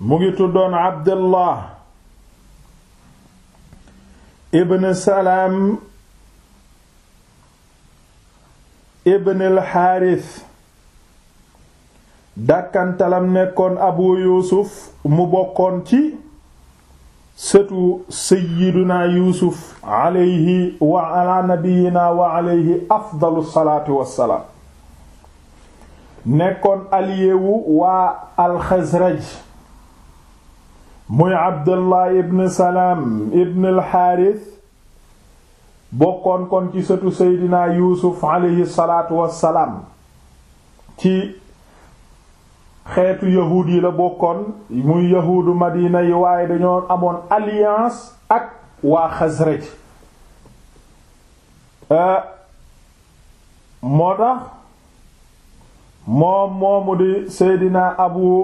mu ngi tuddoon abdullah ibn salaam ibn alxaaris dàkkantalam nekkoon abu yuusuf mu bokkoon ci sëtu sayyiduna yuusuf alayhi wa ala nabiyina wa alayhi afdalu salaatu wassalaam nekkoon aliyewu wa alxasraj muy abdullah ibn salaam ibn alxaaris bokkoon kon ci sëtu seydina yuusuf aleyhi salaatu wassalaam ci xeetu yahuud yi la bokkoon muy yahuudu madina yi waaye dañoo amoon alliance ak waa xasraj moo tax moom moomu di seydina abu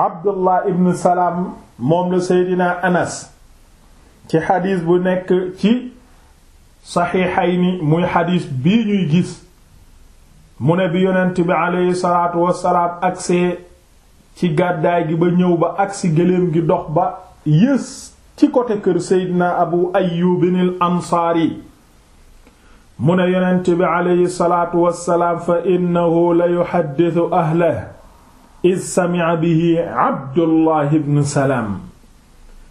abdullah ibn salaam moom la seydina anas ci xadis bu nekk ci saxiixayni muy xadis bii ñuy gis mu ne bi yonent bi aleyhi salaatu wasalaam agsee ci gàddaay gi ba ñëw ba agsi gëléem gi dox ba yées ci côté kër seydina abu ayyubinil ansaari mu ne yonent bi aleyhi salaatu wasalaam fa innahu la yuxaddisu ahlah id sami'a bihi Abdullah ibn Salaam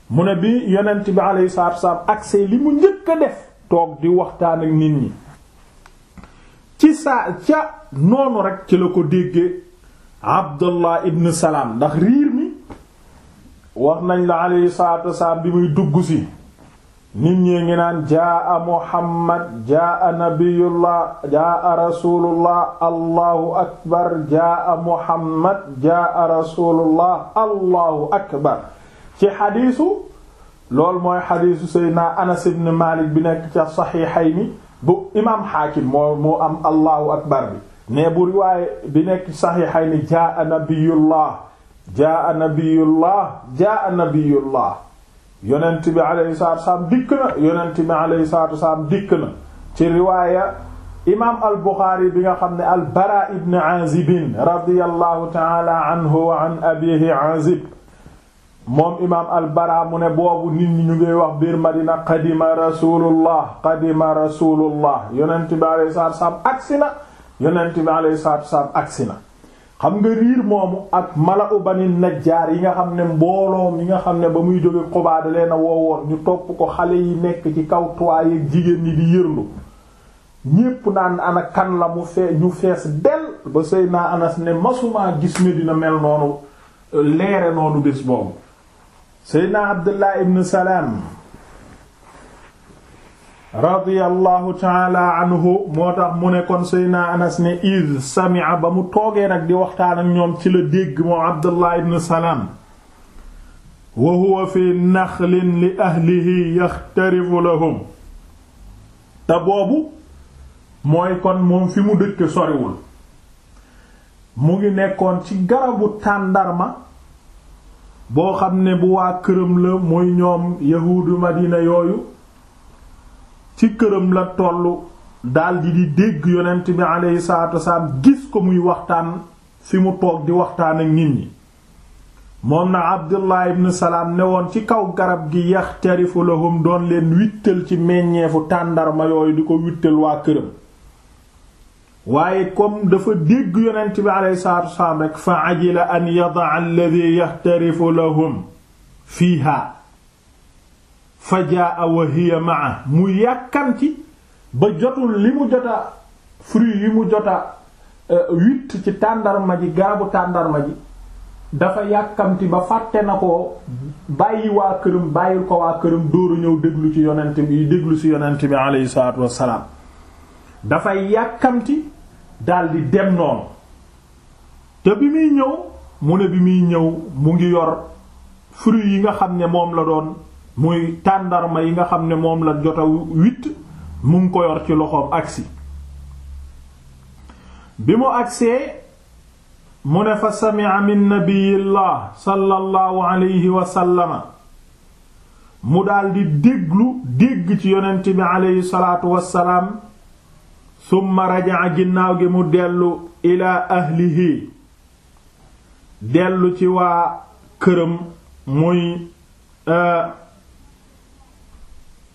mu ne bi yonent bi alayhi salaatu wasalaam agsee li mu njëkk a def toog di waxtaan ak nit ñi ci saa ca noonu rekk ci la ko déggee Abdullah ibn Salaam ndax riir mi wax nañ la alayhi salaatu wasalaam bi muy dugg si nit ñi ngi naan jaa muhammad jaa nabiyullah jaa rasulullah allahu akbar jaa muhammad jaa rasulullah allahu akbar ci xadiisu loolu mooy xadiisu seydna anas ibn malik bi nekk ca saxiixayni bu imaam xaakim moo moo am allahu akbar bi ne bu riwaaye bi nekk ci saxiixayni jaa nabiyullah jaa nabiyullah jaa nabiyullah yonent bi alayhi salaatu wasalaam dikk na yonent bi alayhi salaatu wasalaam dikk na ci riwaaya imaam al Buxaari bi nga xam ne al Baraa ibn Aazib radiyallahu taala anhu wa an abiihi Aazib moom imaam al Baraa mu ne boobu nit ñi ñu ngi wax biir Madina qadima rasulullah qadima rasulullah yonent bi alayhi salaatu wasalaam agsi na yonent bi alayhi salaatu wasalaam agsi na xam nga riir moomu ak mala u bani najjaar yi nga xam ne mbooloo mi nga xam ne ba muy jóge Quba da leen a ñu topp ko xale yi nekk ci kaw toit yeeg jigéen ñi di yërlu ñépp naan ana kan la mu fee ñu fees del ba sëy naa anas ne masuma gis ne dina mel noonu leere noonu bés boobu sëy naa Abdullah ibn Salam radiyallahu taala anhu moo tax mu ne kon Seydina Anas ne id sami'a ba mu toogee nag di waxtaan ak ñoom ci la dégg moom Abdullah ibn Salaam wa huwa fi naxlin li ahlihi yaxtarifu lahum te boobu mooy kon moom fi mu dëkk soriwul mu ngi nekkoon ci garabu tàndarma boo xam ne bu waa këram la muy ñoom yahuudu Madina yooyu ci këram la tollu daldi di dégg yonent bi aleyhi salaatu wasalaam gis ko muy waxtaan fi mu toog di waxtaan ak nit ñi moom na abdullah ibn ne woon ci kaw garab gi yaxtarifu lahum doon leen wittal ci meññeefu tàndarma yooyu di ko wittal waa këram waaye comme dafa dégg yonent bi aleyhi salaatu wasalaam rekk fa ajila an yadaa alladhi yaxtarifu lahum fiiha fa jaa wa hiya mu yàkkanti ba jotul li mu jota fruit yi mu jota witt euh, ci tàndarma ji garabu tàndarma ji dafa yàkkamti ba fàtte na ko bàyyi waa këram bàyyil ko waa këram dóoru ñëw déglu ci yonent bi déglu ci yonent bi aleyhi salaatu wassalaam dafa yàkkamti daldi dem noonu te bi muy ñëw mu ne bi muy ñëw mu ngi yor fruit yi nga xam ne moom la doon muy tàndarma yi nga xam ne moom la jota witt mu ngi ko yor ci loxoom agsi bi mu agsee mu ne fa sami'a min nabiyillah sallallahu alayhi wa sallama mu daldi déglu dégg ci yonent bi alayhi salaatu wassalaam summa raja'a ginnaaw gi mu dellu ilaa ahlihi dellu ci waa këram muy euh,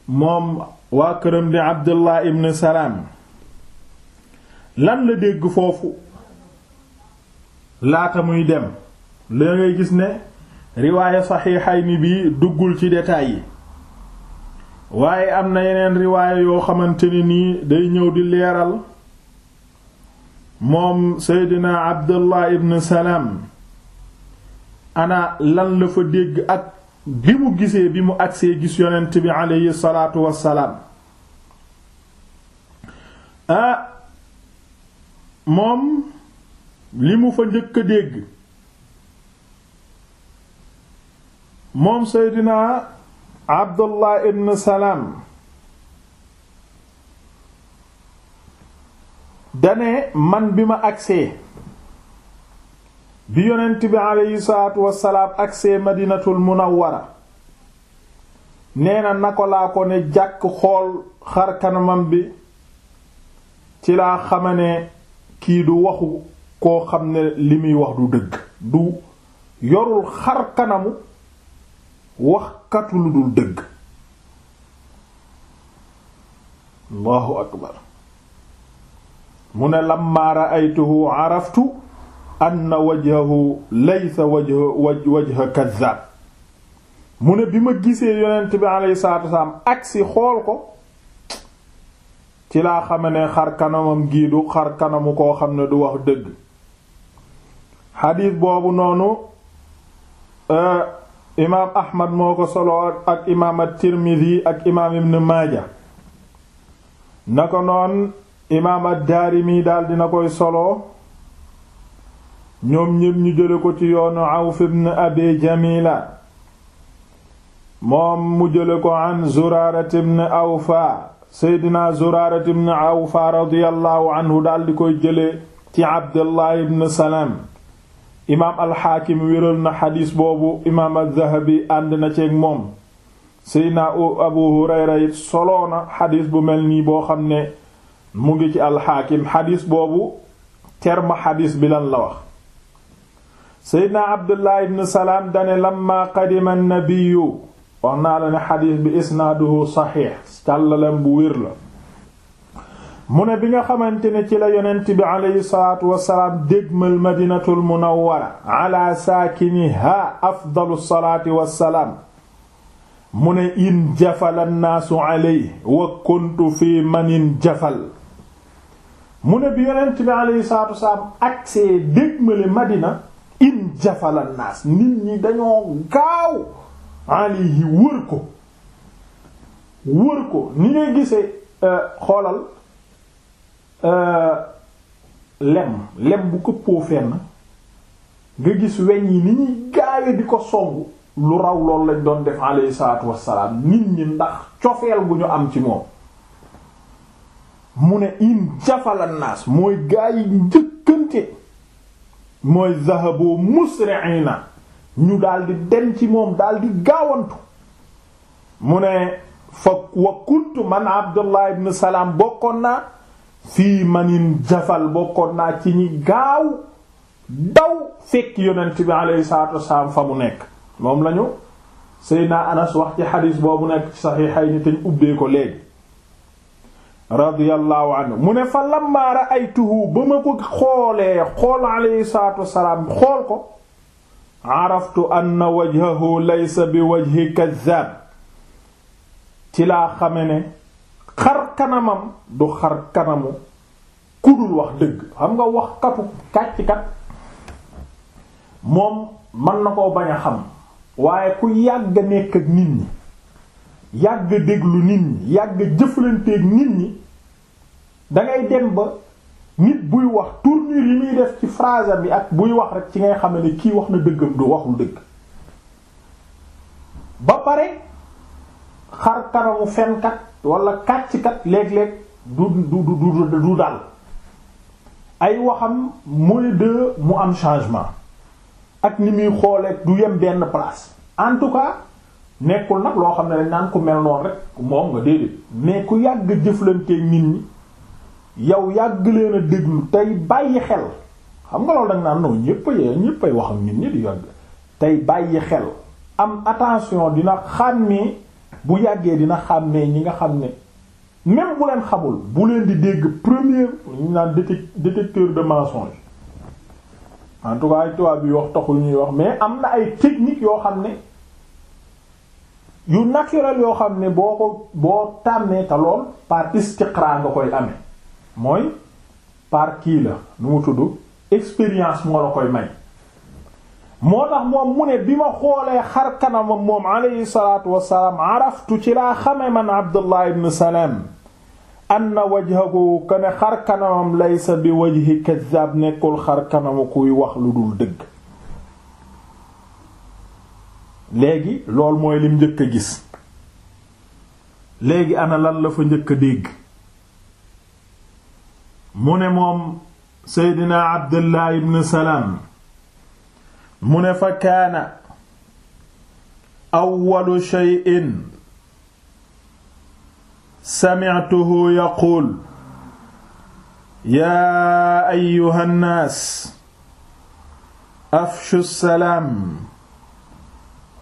moom waa këram di abdullah ibn salaam lan la dégg foofu laata muy dem la ngay gis ne riwaaya saxiixayni bi duggul ci détail yi waaye am na yeneen riwaaya yoo xamante ne nii day ñëw di leeral moom seydina abdullah ibn salaam ana lan la fa dégg ak bi mu gisee bi mu agsee gis yonent bi aleyhi salaatu wassalaam ah, moom li mu fa njëkk a dégg moom seydinaa abdullah ibn salaam dane man bi ma agsee bi yonent bi aleyhi salaatu wasalaam ak see madinatul munawwara nee na nako laa ko ne jàkk xool xar kanamam bi ci laa xama kii du waxu koo xam ne li muy wax du dëgg du yorul xar kanamu waxkatu lu dul dëgg allahu akbar mu ne lammaa ra'aytuhu araftu anna wajhahu laysa wajhu wajha kaddaab mu ne bi ma gisee yonent bi alayhi salaatu wasalaam agsi xool ko ci laa xame ne xar kanamam gii xar kanamu koo xam ne du wax dëgg xadiis boobu noonu euh, imaam ahmad moo ko solo ak imaam at-tirmidhi ak imaam maaja na ko noon imaam ad-daarimi daal dina koy solo ñoom ñépp ñu jële ko ci yoonu Awf ibn Abi Jamila moom mu jële ko an Zuraarat ibn Awfa seydina Zuraarat ibn Awfa radiyallahu daldi koy jële ci Abdullah ibn Salam imaam alxaakim wéral na xadiis boobu imaam az ànd na ceeg moom seydina Abu Hurayra it soloo xadiis bu mel nii boo xam ne mu ngi ci alxaakim xadiis boobu terme xadiis bi lan la wax seydna abdullah ibn salaam dane lamma qadima annabiyu wax naa la ne xadiis bi isnaaduhu saxiix càllalam bu wér la mu ne bi nga xamante ne ci la yonent bi aleyhi salaatu wasalaam dégmal madinatul munawwara ala saakiniha afdalu salaati wassalaam mu ne in jafala annaasu aley wa kuntu fi man in jafal mu ne bi yonent bi aleyhi salaatu wasalaam agsee dégmale madina in jafala naas nit ñi dañoo gaaw alayhi wër ko wër ko ni ngay gisee euh, xoolal euh, lem lem bu këppoo fenn nga gis weñ yi ni ñuy gaawe di ko songu lu raw loolu lañ doon def alayhi salaatu wassalaam nit ñi ndax cofeel bu ñu am ci moom mu ne in jafala mooy gaa yi njëkkante mooy zahabu musri'ina ñu daldi dem ci moom daldi gaawantu mu ne fa wa kuntu man abdullah ibn salaam bokkoon na fii manin jafal bokkoon naa ci ñi gaaw daw fekk yonent bi alayhi salaatu wasalaam fa mu nekk moom lañu Seydina Anas wax ci xadiis boobu nekk ci saxiixayni te ñu ubbee radiyallahu anhu mu ne fa lamma ra'aytuhu ba ma ko xoolee xool alayhi salaatu wassalaam xool ko araftu anna wajhahu laysa bi wajhi kazzab ci laa xame ne xar kanamam du xar kanamu kudul wax dëgg xam nga wax katu kàccikat moom mën na koo bañ a xam waaye ku yàgg nekk ak nit ñi yàgg déglu nit ñi yàgg jëflanteeg nit ñi dangay dem ba nit buy wax tournure yi muy def ci phrase bi ak buy wax rek ci ngay xam ne kii wax na dëggam du waxul dëgg ba pare xar kanamu fenkat wala kàcckat léeg-léeg du du du du dal ay waxam mooy de mu am changement ak ni muy xoolee du yem benn place en tout cas nekkul nag loo xam ne dañ naan ku mel noonu rek moom nga déedéet mais ku yàgg jëflanteeg nit ñi yow yàgg leen a déglu tey bàyyi xel xam nga loolu dañ naan non ñëpp a ñëpp ay wax ak nit ñi di yàgg tey bàyyi xel am attention dina xàmmee bu yàggee dina xàmmee ñi nga xam ne même bu leen xamul bu leen di dégg premier ñu naan détecteur de mensonge en tout cas tubaab bi wax taxul ñuy wax mais am na ay techniques yoo xam ne. yu naturel yoo xam ne boo ko boo tàmmee te lool par istiqra nga koy amee mooy par kii la nu mu tudd expérience moo la koy may moo tax moom mu ne bi ma xoolee xar kanamam moom alayhi salaatu wassalaam araftu ci laa xame man Abdullah ibn Salam anna wajhahu kana xar kanamam laysa bi wajhi kazzab nekkul xar kanamu kuy wax lu dul dëgg léegi loolu mooy lim njëkk a gis léegi ana lan la fa njëkk a dégg mu ne moom seydina abdullah ibn salaam mu ne fa kaana awwalu shay'in sami'tuhu yaquul yaa ayyuha nnaas afshu salaam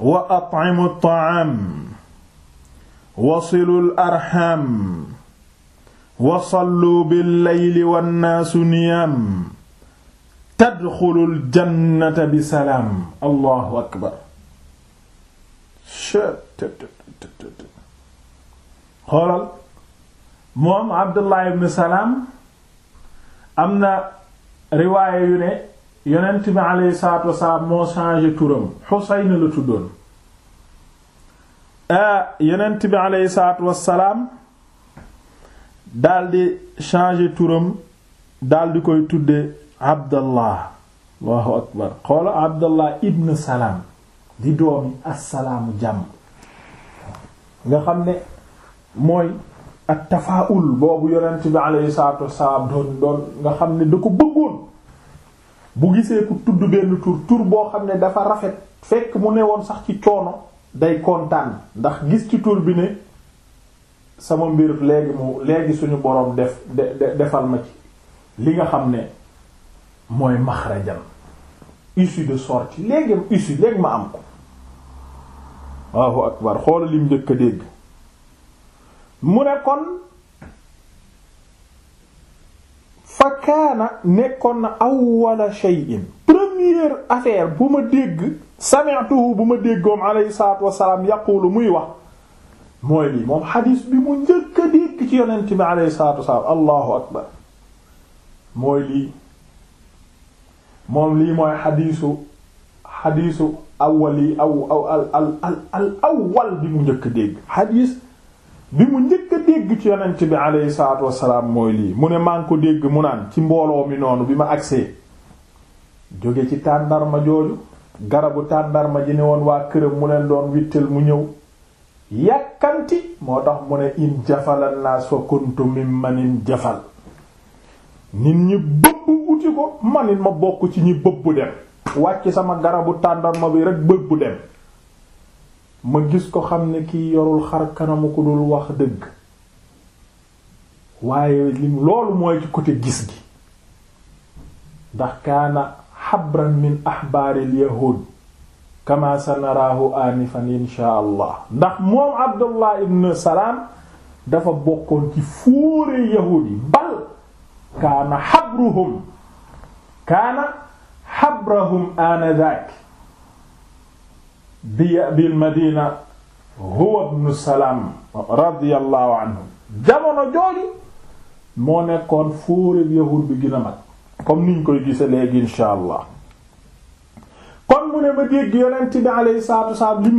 wa at'imu at-ta'am wasilu al-arham wa sallu bil-layli wan-naasu niyaam tadxulul jannata bi salaam allahu akbar xoolal moom Abdullah ibn Salaam am na riwaaya yu ne yonent bi alayhi salaatu wasalaam moo changé turam Xuseyn la tuddoon a ah, yonent bi alayhi salaatu wasalaam daldi changé turam daldi koy tuddee Abdallah Allahu akbar xoola Abdallah ibn Salaam di doomi assalaamu jàmm nga xam ne mooy at tafaul boobu yonent bi alayhi salaatu wasalaam doon doon nga xam ne du ko bëggoon bu gisee ku tudd benn tur tour boo xam ne dafa rafet fekk mu ne woon sax ci coono day kontaan ndax gis ci tur bi ni sama mbir léegi mu léegi suñu boroom def defal ma ci li nga xam ne mooy maxrajam issue de sortie léegi issue léeg ma am ko waaw akbar xoola lim njëkk a dégg mu ne kon fa kaana nekkoon na awwala shay'in première affaire bu ma dégg sami'tuhu bu ma déggoom alayhi salaatu wassalaam yaqulu muy wax mooy lii moom xadiis bi mu njëkk a dégg ci yonent bi alayhi salaatu wassalaam allahu akbar mooy lii moom lii mooy xadiisu xadiisu awwali aw aw al al al awwal bi mu njëkk a dégg xadiis bi mu njëkk a dégg ci yonent bi aleyhi salaatu wassalaam mooy lii mu ne maa ngi ko dégg mu naan ci mbooloo mi noonu bi ma agsee jóge ci tàndarma jooju garabu tàndarma ji ne woon waa këram mu leen doon wittal mu ñëw yàkkanti moo tax mu ne in jafalan naas fa kuntu mimman in jafal nit ñi bëbb uti ko manit ma bokk ci ñi bëbb dem wàcc sama garabu tàndarma bi rek bëbb dem ma gis ko xam ne kiy yorul xar kanamu ku dul wax dëgg waaye lim loolu mooy ci côté gis gi ndax kaana xabran min axbaaril yahud kama sanaraahu anifan insha allah ndax moom abdullah ibn salaam dafa bokkoon ci fóore yahud yi bal kaana xabruhum kaana xabrahum aana daak bi bil madina huwa ibnu salaam radiyallahu anhu jamono jooju moo nekkoon fóoréb yahud bi gën a mag comme niñ koy gise léegi insha allah kon mu ne ma dégg yonent bi alayhi salaatu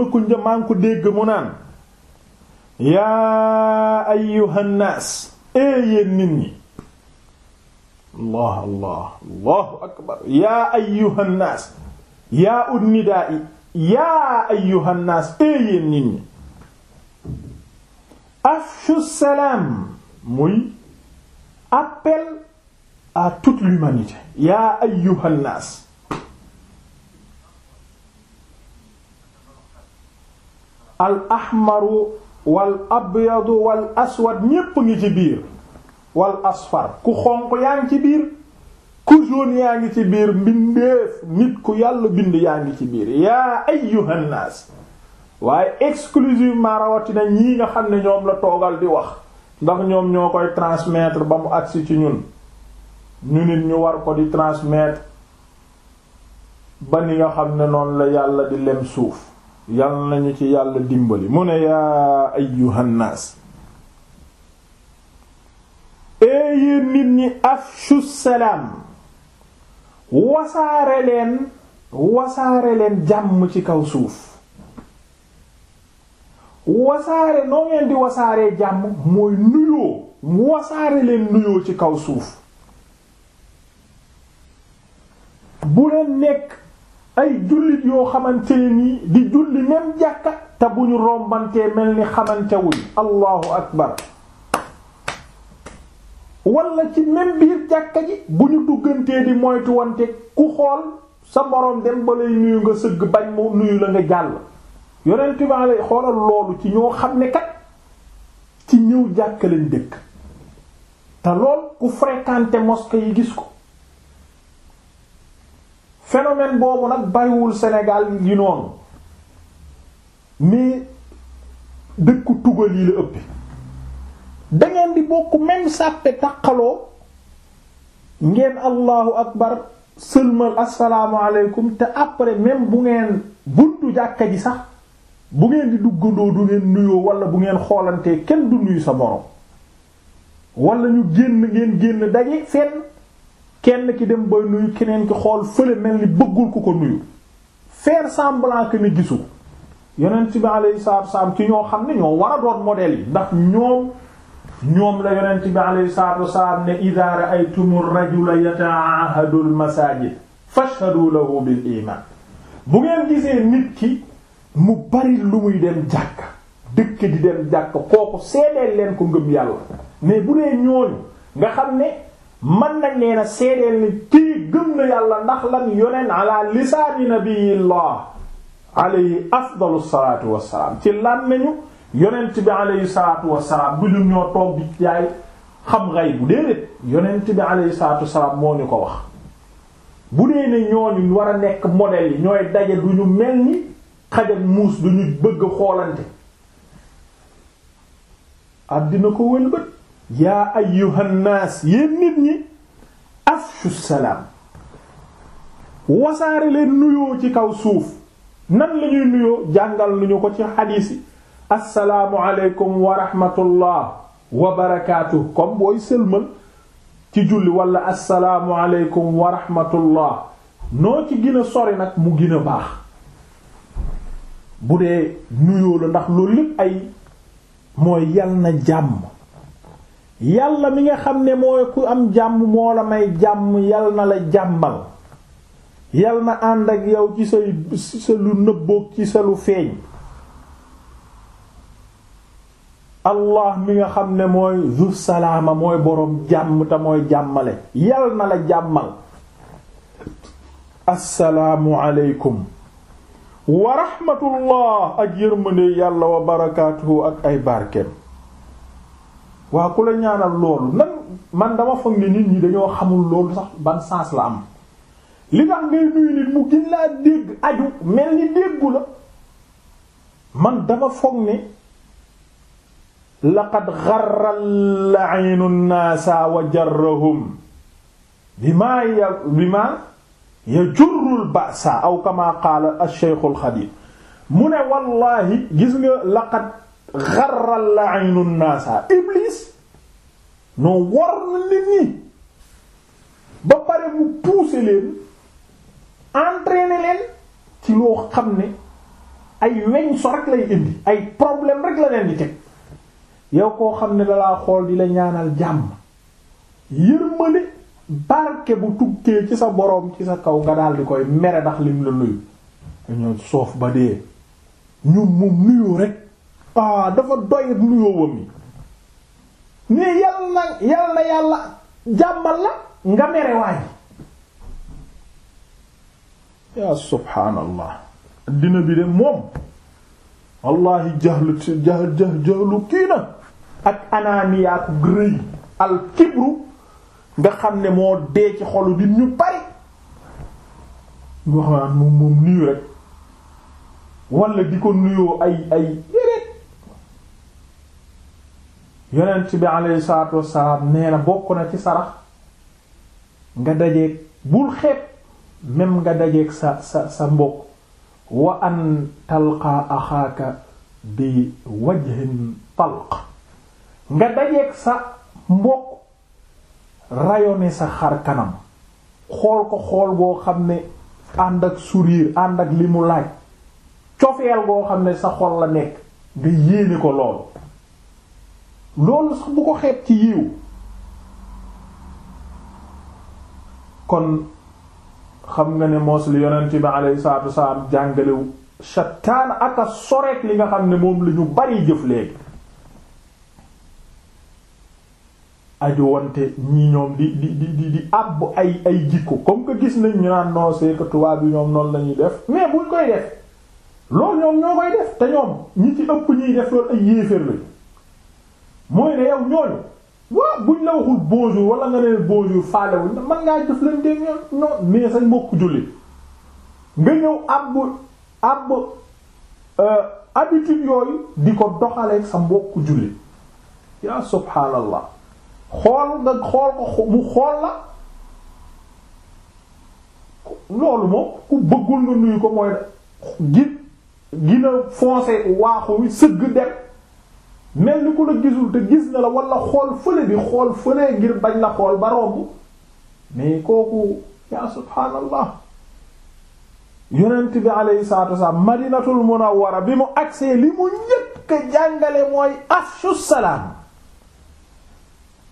maa ngi ko dégg mu naan yaa eh allah allah akbar yaa ayyuhan naas yaa un nidaa i yaa ayyuhan naas yéen nit ñi afshu salaam muy appel à toute l'humanité yaa ayyuhan naas al ahmaru wal abyadu wal aswad ñépp ngi ci biir wal asfar ku xonq yaa ngi ci biir ku yaa ngi ci biir mbindeef nit ku yàlla bind yaa ngi ci biir yaa ayyuhan naas waaye exclusivement rawatina ñii nga xam ne ñoom la toogal di wax ndax ñoom ñoo koy transmettre ba mu agsi ci ñun ñu nit ñu war ko di transmettre ba ni nga xam ne noonu la yàlla di lem suuf yàlla nañu ci yàlla dimbali mu ne yaa ayyuhan naas ee yéen nit ñi afshu salaam wasaare leen wasaare leen jàmm ci kaw suuf wasaare noo ngeen di wasaaree jàmm mooy nuyoo wasaare leen nuyoo ci kaw suuf bu leen nekk ay jullit yoo xamante ni di julli même jàkka te bu ñu rombantee mel ni xamantewuñ allahu akbar wala ci même biir jàkka ji bu ñu duggantee di moytu ku xool sa moroom dem ba lay nuyu nga sëgg bañ moo nuyu la nga jàll yonent bi lay xoolal loolu ci ñoo xam ne kat ci ñëw jàkka dëkk te lool ku fréquenté mosquée yi gis ko phénomène boobu nag bariwul senegaal yi noonu ni dëkku tugal yi la ëpp dangeen di bokk même sàppe taqaloo ngeen allahu akbar sëlmal asalaamaaleykum te après même bu ngeen buntu jàkka ji sax bu ngeen di duggandoo du ngeen nuyoo wala bu ngeen xoolantee kenn du nuyu sa morom wala ñu génn ngeen génn daje fenn kenn ki dem ba nuyu keneen ki xool fële mel ni bëggul ku ko nuyu faire semblant ni gisu yonent bi alayhi salaatu wa ci ñoo xam ne ñoo war a doon modèle yi ndax ñoom. ñoom la yonent bi alayhi salaatu wasalaam ne idhaa ra'aytumu rajula yata'ahadu al-masaajid fashhadu lahu bil iimaan bu ngeen gisee nit ki mu bari lu muy dem jàkk dëkk di dem jàkk kooku seedeel leen ko ngëm yàlla mais bu dee ñooñu nga xam ne man nañ leen a seedeel ni kii gëm na yàlla ndax lan yoneen ala lisaani nabiyillah alayhi afdalu salaatu wassalaam ci lan nañu yonent bi alayhi salaatu wassalaam du ñu ñoo toog di jaay bu ghaybu déedéet yonent bi alayhi salaatu wassalaam moo ñu ko wax bu dee ne ñooñu war a nekk modèle yi ñooy daje du ñu mel ni xaj muus du ñu bëgg a xoolante dina ko wëlbët yaa ayyuhan naas yéen nit ñi afshu salaam wasaare leen nuyoo ci kaw suuf nan lañuy nuyoo jàngal nañu ko ci xadiis assalaamu aleykum wa rahmatullah wa barakaatu sëlmal ci julli walla assalaamu aleykum wa rahmatullah noo ci gën sori nag mu gën baax bu dee nuyoo la ndax loolu lépp ay mooy yal na jàmm yàlla mi nga xam ne mooy ku am jàmm moo la may jàmm yal na la jàmmal yal na ànd ak yow ci say sa lu nëbboog ci sa lu feeñ allah mi nga xam ne mooy zu salaama mooy boroom jàmm te mooy jàmmale yal na la jàmmal assalaamu aleykum wa rahmatullah ak yërmande yàlla wa ak ay barkeem waa ku la ñaanal loolu man dama foog ne nit ñi dañoo xamul loolu sax ban sens la am li tax ngay nuyu nit mu gën laa dégg aju mel ni déggu la man dama foog ne laqad xarra la'iinu nnaasa wa jarrahum bimaa ya bimaa yajurrul ba'sa aw kamaa qaala ash-shaykhul xadiim mu ne wallaahi gis nga laqad xarra la'iinu nnaasa Iblis noo war na nit ñi ba pare mu pousser leen entraîner leen ci loo xam ne ay weñ so rek lay indi ay problème rek la leen di teg. yow koo xam ne dalaa xool di la ñaanal jàmm yërmande barke bu tukkee ci sa boroom ci sa kaw nga daal di koy mere ndax lim la nuyu dañoo soof ba dee ñun moom nuyu rek ah dafa doy nuyoo wam yi mais yal na yal na yàlla jàmmal la nga mere waay yaa subhaanallah dina bi de moom wallahi jaxlu jaxlu kii na ak anaaniyaatu rëy al kibru nga xam ne moo dee ci xolu nit ñu bari wax moom nuyu rek wala di ko nuyoo ay ay yéreet yonent bi alayhi salaatu wassalaam nee na bokk na ci sarax nga dajeeg bul xeeb même nga dajeeg sa sa sa mbokk wa an talqa axaaka bi wajhin talq nga dajeeg sa mbokk rayonné sa xar kanam xool ko xool boo xam ne ànd ak sourire ànd ak li mu laaj cofeel boo xam ne sa xol la nekk nga yéene ko loolu loolu sax bu ko xeet ci yiw kon xam nga ne moos li yonent bi alayhi salaatu wasalaam jàngalewu shataan ak a soreek li nga xam ne moom la ñu bari jëf léegi ajowante ñi ñoom di di di di àbb ay ay jikko comme que gis nañ ñu naan non c'est tubaab yi ñoom noonu lañuy def mais buñ koy def loolu ñoom ñoo koy def te ñoom ñi ci ñuy def loolu ay yéeféer lañu mooy ne yow ñooñu man ngaa jëf leen dé non sañ mbokk julli nga ñëw àbb àbb euh, habitude yooyu di ko doxaleeg sa mbokk julli yaa subhaanallah xool nga xool ko mu xool la loolu moom ku bëggul nga nuyu ko mooy gi gina foncé waaxu wi sëgg dem mel ni ku la gisul te gis na la wala xool fële bi xool fële ngir bañ la xool ba romb mais kooku yaa subhaanallah yonent bi alayhi salaatu wasalaam bi mu agsee li jàngale mooy afshu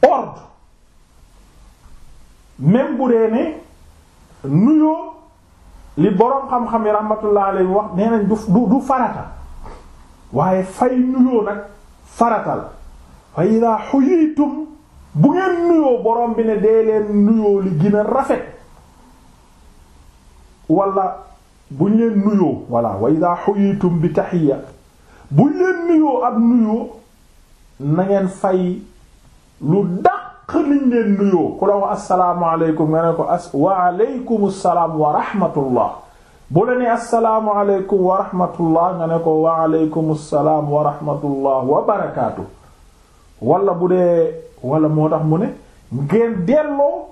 ordre même bu dee ne nuyoo li boroom xam-xam yi rahmatullah alayhi wax nee nañ du farata waaye fay nuyoo nag farata fa ida xuyiitum bu ngeen nuyoo boroom bi ne dee leen nuyoo li gën rafet wala buñ leen nuyoo wala wa ida xuyiitum bi taxiya buñ leen nuyoo ab nuyoo na fay lu dàq liñ leen nuyoo ku la wax asalaamaaleykum nga ne ko as waaleykum salaam wa rahmatullah bu la ne asalaamaaleykum wa rahmatullah nga ne ko waaleykum salaam wa rahmatullah wa barakaatu wala bu dee wala moo tax mu ne ngeen delloo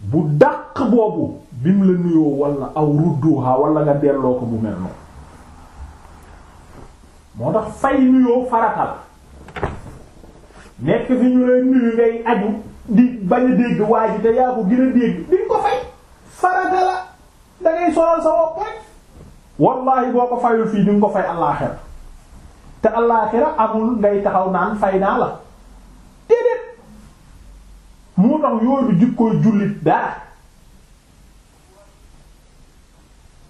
bu daq boobu bi mu la nuyoo wala aw rudduha wala nga delloo ko bu mel noonu moo tax fay nuyoo farata nekk fi ñu lay nuyu ngay aju di bañ a dégg waa ji te ko gën dégg di ko fay farata la solal sa bopp rek wallahi boo ko fayul fii di ko fay allaaxira te allaaxira amul ngay taxaw naan fay naa la déedéet moo tax yooyu jikkooy jullit dara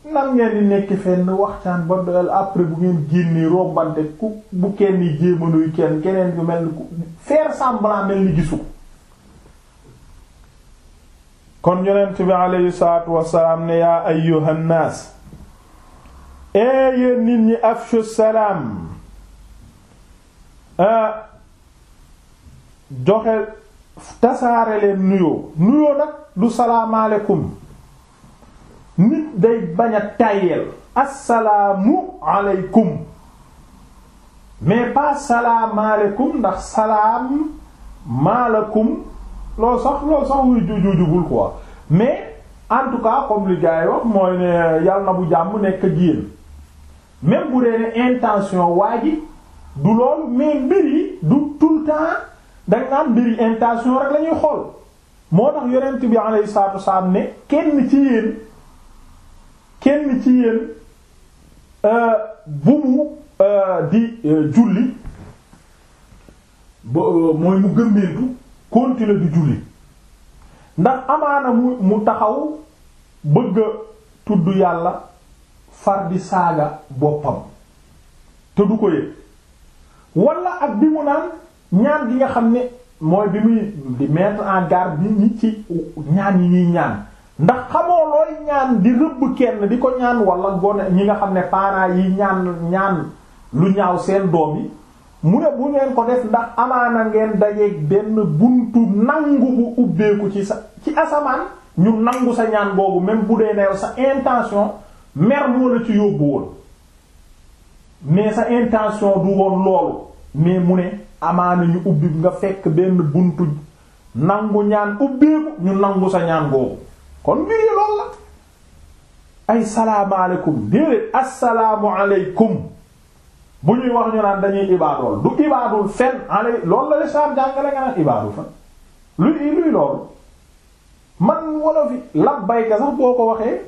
nan ngeen di nekk fenn waxtaan ba doyal après bu ngeen génnee rombante ku bu kenn jéemanuy kenn keneen bi mel ni ku faire semblant mel ni gisu ko kon yonent bi aleyhi salaatu wassalaam ne yaa ayyuhan naas ee yéen nit ñi afshu salaam ah, joxe tasaare leen nuyoo nuyoo nag du salaamaaleykum nit day bañ a tàyyeel assalaamu aleykum mais pas salaamaaleykum ndax salaam maalakum loolu sax loolu sax wuy jujubul quoi mais en tout cas comme li wax mooy ne yàlla na bu jàmm nekk ak yéen bu dee ne intention waa ji du loolu mais mbir yi du tout danga naan mbir intention rek la xool moo tax yonent bi alayhi salaatu wasalaam ne kenn ci yéen. kenn ci yéen euh, bu mu euh, di euh, julli mooy mu gëmmeentu continuer di julli ndax amaana mu mu taxaw bëgg a tudd yàlla far di saaga boppam te du ko yëg wala ak bi mu naan ñaan gi nga xam ne mooy bi muy di mettre en garde nit ñi ci ñaan yi ñuy ñaan ndax xamoo looy ñaan di rëbb kenn di ko ñaan wala gone ñi nga xam ne parents yi ñaan ñaan lu ñaaw seen doom yi mu ne bu ngeen ko def ndax amaana ngeen dajeeg benn buntu nangu bu ubbeeku ci sa ci asamaan ñu nangu sa ñaan même bu dee neew sa intention mer moo la mais sa intention du woon mais mu ne amaana ñu ubbi nga fekk benn buntu nangu ñaan ubbeeku ñu nangu sa ñaan boobu kon mbir yi lool la ay salaamaaleykum déedéet asalaamualeykum bu ñuy wax ñu naan dañuy ibaadool du ibaadul fenn alay loolu la lislaam jàngale nga naan ibaadu fa luy luy loolu man wala fi labbayka sax boo ko waxee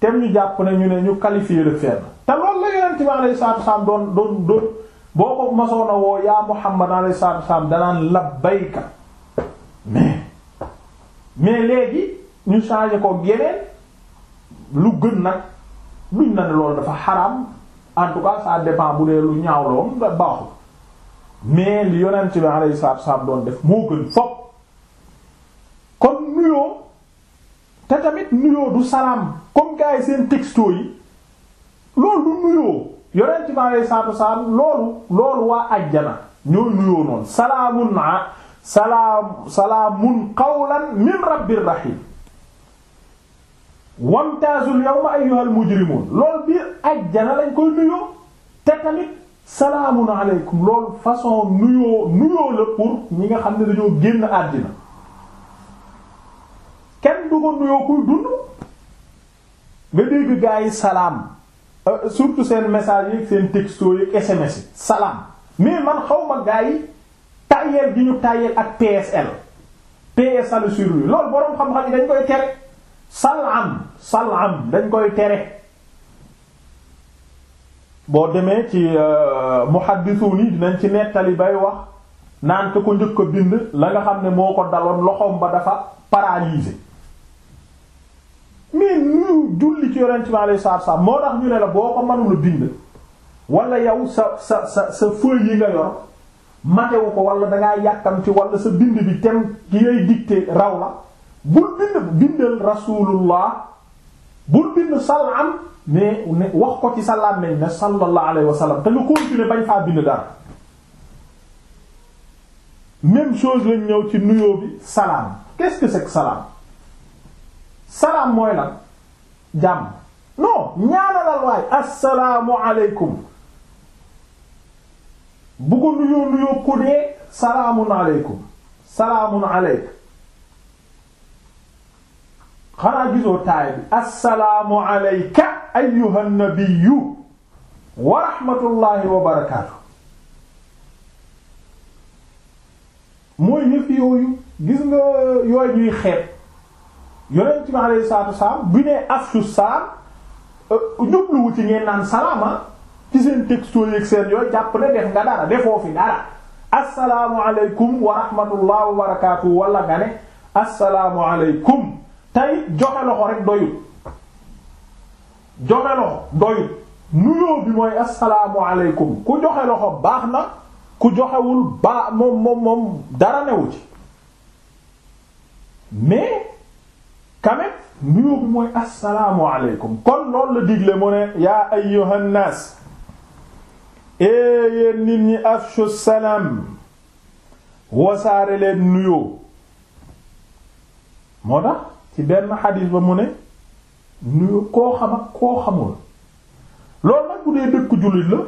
tem ñu jàpp ne ñu ne ñu qualifié le fenn te loolu la yonent bi alayhi salaatu wasalaam doon doon doon boo ko masoon a woo yaa Muhammad alayhi salaatu wasalaam danaan labbayka mais mais léegi ñu changé ko yeneen lu gën nag luñ na ne loolu dafa xaram en tout cas ça dépend bu dee lu ñaaw la woon da baaxul mais li bi alayhi salaatu wasallam doon def moo gën fopp kon nuyoo te tamit nuyoo du salaam comme gars yi seen texto yi loolu du nuyoo yonent bi alayhi salaatu wasallam loolu loolu waa ajjana ñoo nuyoo noonu salaamun ah, salaamun qawlan min rabbir rahim ay yawma ayyuhal mujrimun lool biir ajjana lañ koy nuyoo te tamit salaamun aleykum loolu façon nuyoo nuyoo la pour ñi nga xam ne dañoo génn àddina kenn du ko nuyoo kuy dund nga dégg gaa yi salaam euh, surtout seen message yi seen texto yi SMS yi salaam mais man xawma gaa yi tayeel gi ñu tayeel ak PSL PSL sur lui loolu boroom xam-xam yi dañ koy tere salam salam dañ koy tere boo demee ci euh, muhaddisuun yi dinañ ci nettali bay wax naan ka ko njëkk bind la nga xam ne moo ko daloon loxoom ba dafa paralysé mais ñu julli ci yonent bi alayhi salaatu salaam moo tax ñu ne la boo ko mënula bind wala yow sa sa sa sa feuille yi nga yor matewu ko wala dangaa yàkkamti wala sa bind bi tem ki ngay dicté raw la bul bind bindal rasulullah bul bind salaam mais ne wax ko ci salaam nañ ne sallallahu alayhi wa sallam te nga continuer bañ faa bind dara même chose lañ ñëw ci nuyoo bi salaam qu'est-ce que c'est que salaam salaam mooy lan jàmm non ñaanalal waay assalaamu alaykum bu ko nuyoo nuyoo ku dee salaamun alaykum salaamun alayk xanaa gisoo taay bi assalaamu alayka ayyuha nabiyyu wa rahmatullahi wa barakaatu mooy yooyu gis nga yooyu ñuy xeet yonent bi alayhi salaatu wasalaam bi nee ngeen naan salaama ci seen texto yeeg seen yooyu jàpp ne nga dara defoo fi dara assalaamu alaykum wa rahmatullahi wa nga ne assalaamu alaykum tey joxe loxo rek doyul joxe loxo doyul nuyoo bi mooy assalaamu alaykum ku joxe loxo baax na ku joxewul baa moom moom dara newu ci mais quand même bi mooy assalaamu alaykum kon lool la digle mu ne yaa ayyuhan naas yéen nit ñi afshu salaam wasaare leen nuyoo moo tax ci benn xadis ba mu ne nuyu koo xam koo xamul loolu nag bu dee dëkku jullit la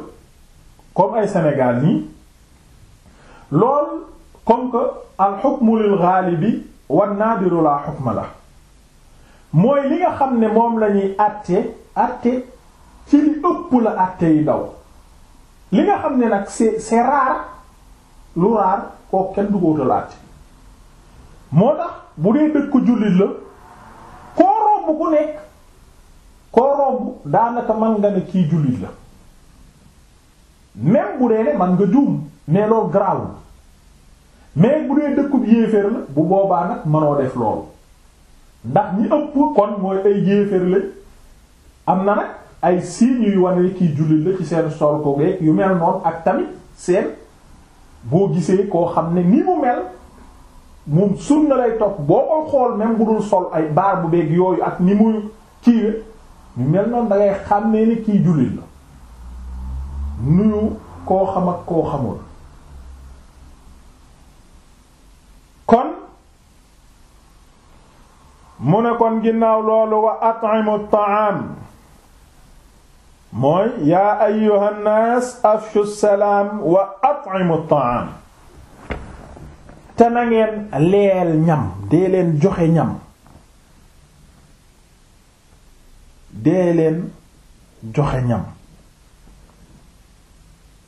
comme ay Sénégal nii lool comme que al hukmu lil ghalibi wan nadiru la hukma la mooy li nga xam ne moom lañuy ñuy àtte àtte ci li ëpp la àtte yi daw li nga xam ne nag c'est c'est lu rare koo kenn du ko wutal àtte moo tax bu dee dëkku jullit la romb ku man nga ne kii man nga juum mais loolu mais bu bu boobaa mënoo def loolu ndax ñi kon mooy ay yéeféer la am na nag ay signes yuy wane kii jullit la ci seen sol ko geeg yu mel noonu ak tamit seen boo gisee koo xam ne ni mu mel moom sunna lay topp boo ko xool même bu dul sol ay baar bu beeg yooyu ak ni muy kiiwe ñu mel noonu da xàmmee ni kii jullit la nuyu koo xam ak koo xamul kon mu ne kon ginnaaw loolu wa at'imu ta'am mooy yaa ayyuhan nas afshu salam wa at'imu ta'am te na ngeen leel ñam dee leen joxe ñam dee leen joxe ñam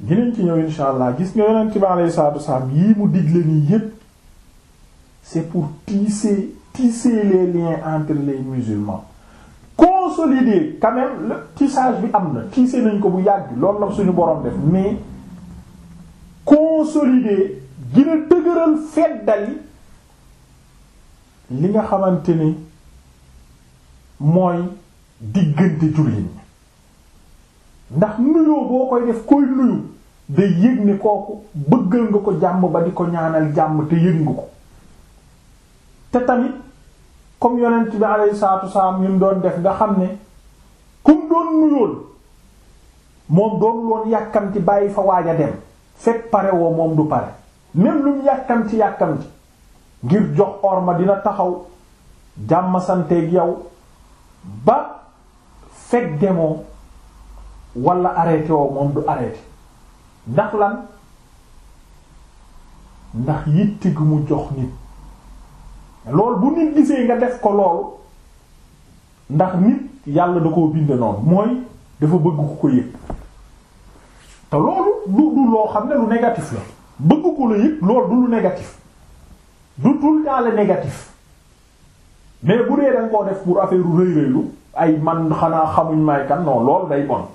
ginañ ci ñëw insha allah gis nga yonent bi alayhi salaatu wasalaam yii mu digle nii yépp c'est pour tisser tisser les liens entre les musulmans consolider quand même le tissage bi am na tisser nañ ko bu yàgg lool la suñu boroom def mais consolider gën tëgëral dëgëral feddali li nga xamante ni mooy diggante jullit ñi ndax nuyoo boo koy def koy nuyu day yëg ne kooku bëggal nga ko jàmm ba di ko ñaanal jàmm te yëg nga ko te tamit comme yonent bi alayhi salaatu wasalaam ñu doon def nga xam ne kum doon nuyool moom doon loon yàkkamti bàyyi fa waaj a dem fekk pare woo moom du pare même lum yàkkamti yàkkamti ngir jox orma dina taxaw jàmm santeeg yow ba fekk demoo wala arrêté woo moom du arrêté ndax lan ndax yitti gu mu jox nit loolu bu nit gisee nga def ko loolu ndax nit yàlla da koo bind noonu mooy dafa bëgg ku ko yëg te loolu du du loo xam ne lu négatif la bëgg ko la loolu du lu négatif du tout le temps le mais bu dee danga koo def pour affaire rëy rëylu ay man xanaa xamuñ may kan non loolu day bon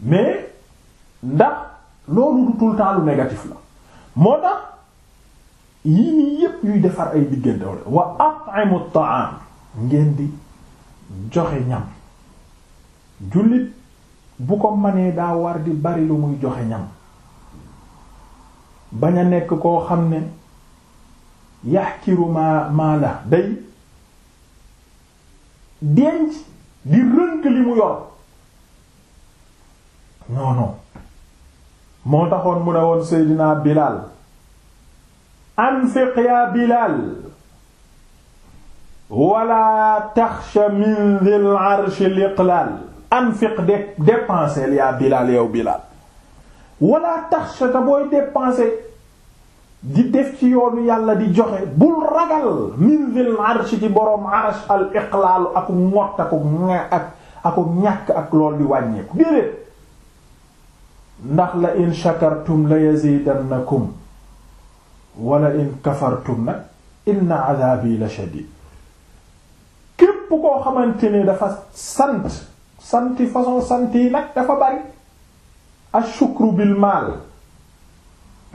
mais ndax loolu du tout le temps lu négatif la moo tax yii nii yépp yuy defar ay diggante wala wa at'imu ta'am ngeen di joxe ñam jullit bu ko manee daa war di bari lu muy joxe ñam bañ a nekk koo xam ne yaxkiru maa maa la day denc di rënk li mu yor non moo taxoon mu ne woon Seydina Bilal anfiq yaa Bilal wala taxsha min dhil arshi liqlaal anfiq de yaa Bilal yow Bilal wala taxsha te booy dépenser di def ci yoonu yàlla di joxe bul ragal min zil arsh ci boroom arsh al iqlaalu aku mott aku ak aku ñàkk ak lool di wàññeeku déedéet ndax la in shakartum la yazidannakum wala in kafartum nag inna adhabi la shadid képp koo xamante ne dafa sant santi façon sant yi nag dafa bari ashukru bil maal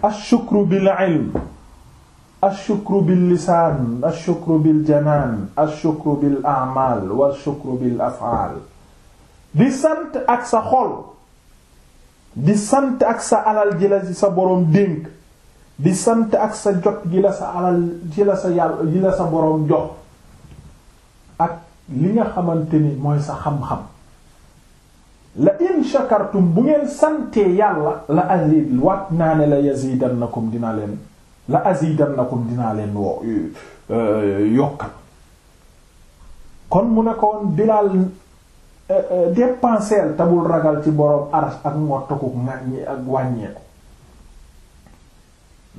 ashukru bil ilm ashukru bil lisaan ashukru bil janaan ashukru bil a'maal wa ashukru bil af'aal di sant ak sa xol di sant ak sa alal ji la sa boroom dénk di sant ak sa jot gi la sa alal ji la sa yàlla ji boroom jox ak li nga xamante ni mooy sa xam-xam la in shakartum bu ngeen santee yàlla la azid waat naa ne la yazidannakum dinaa leen la azidannakum dinaa leen wo euh, yokkal kon mu ne ko woon Bilaal euh, euh, dépenseel tabul ragal ci boroom aras ak ngottaku ŋàññi ak wàññeeku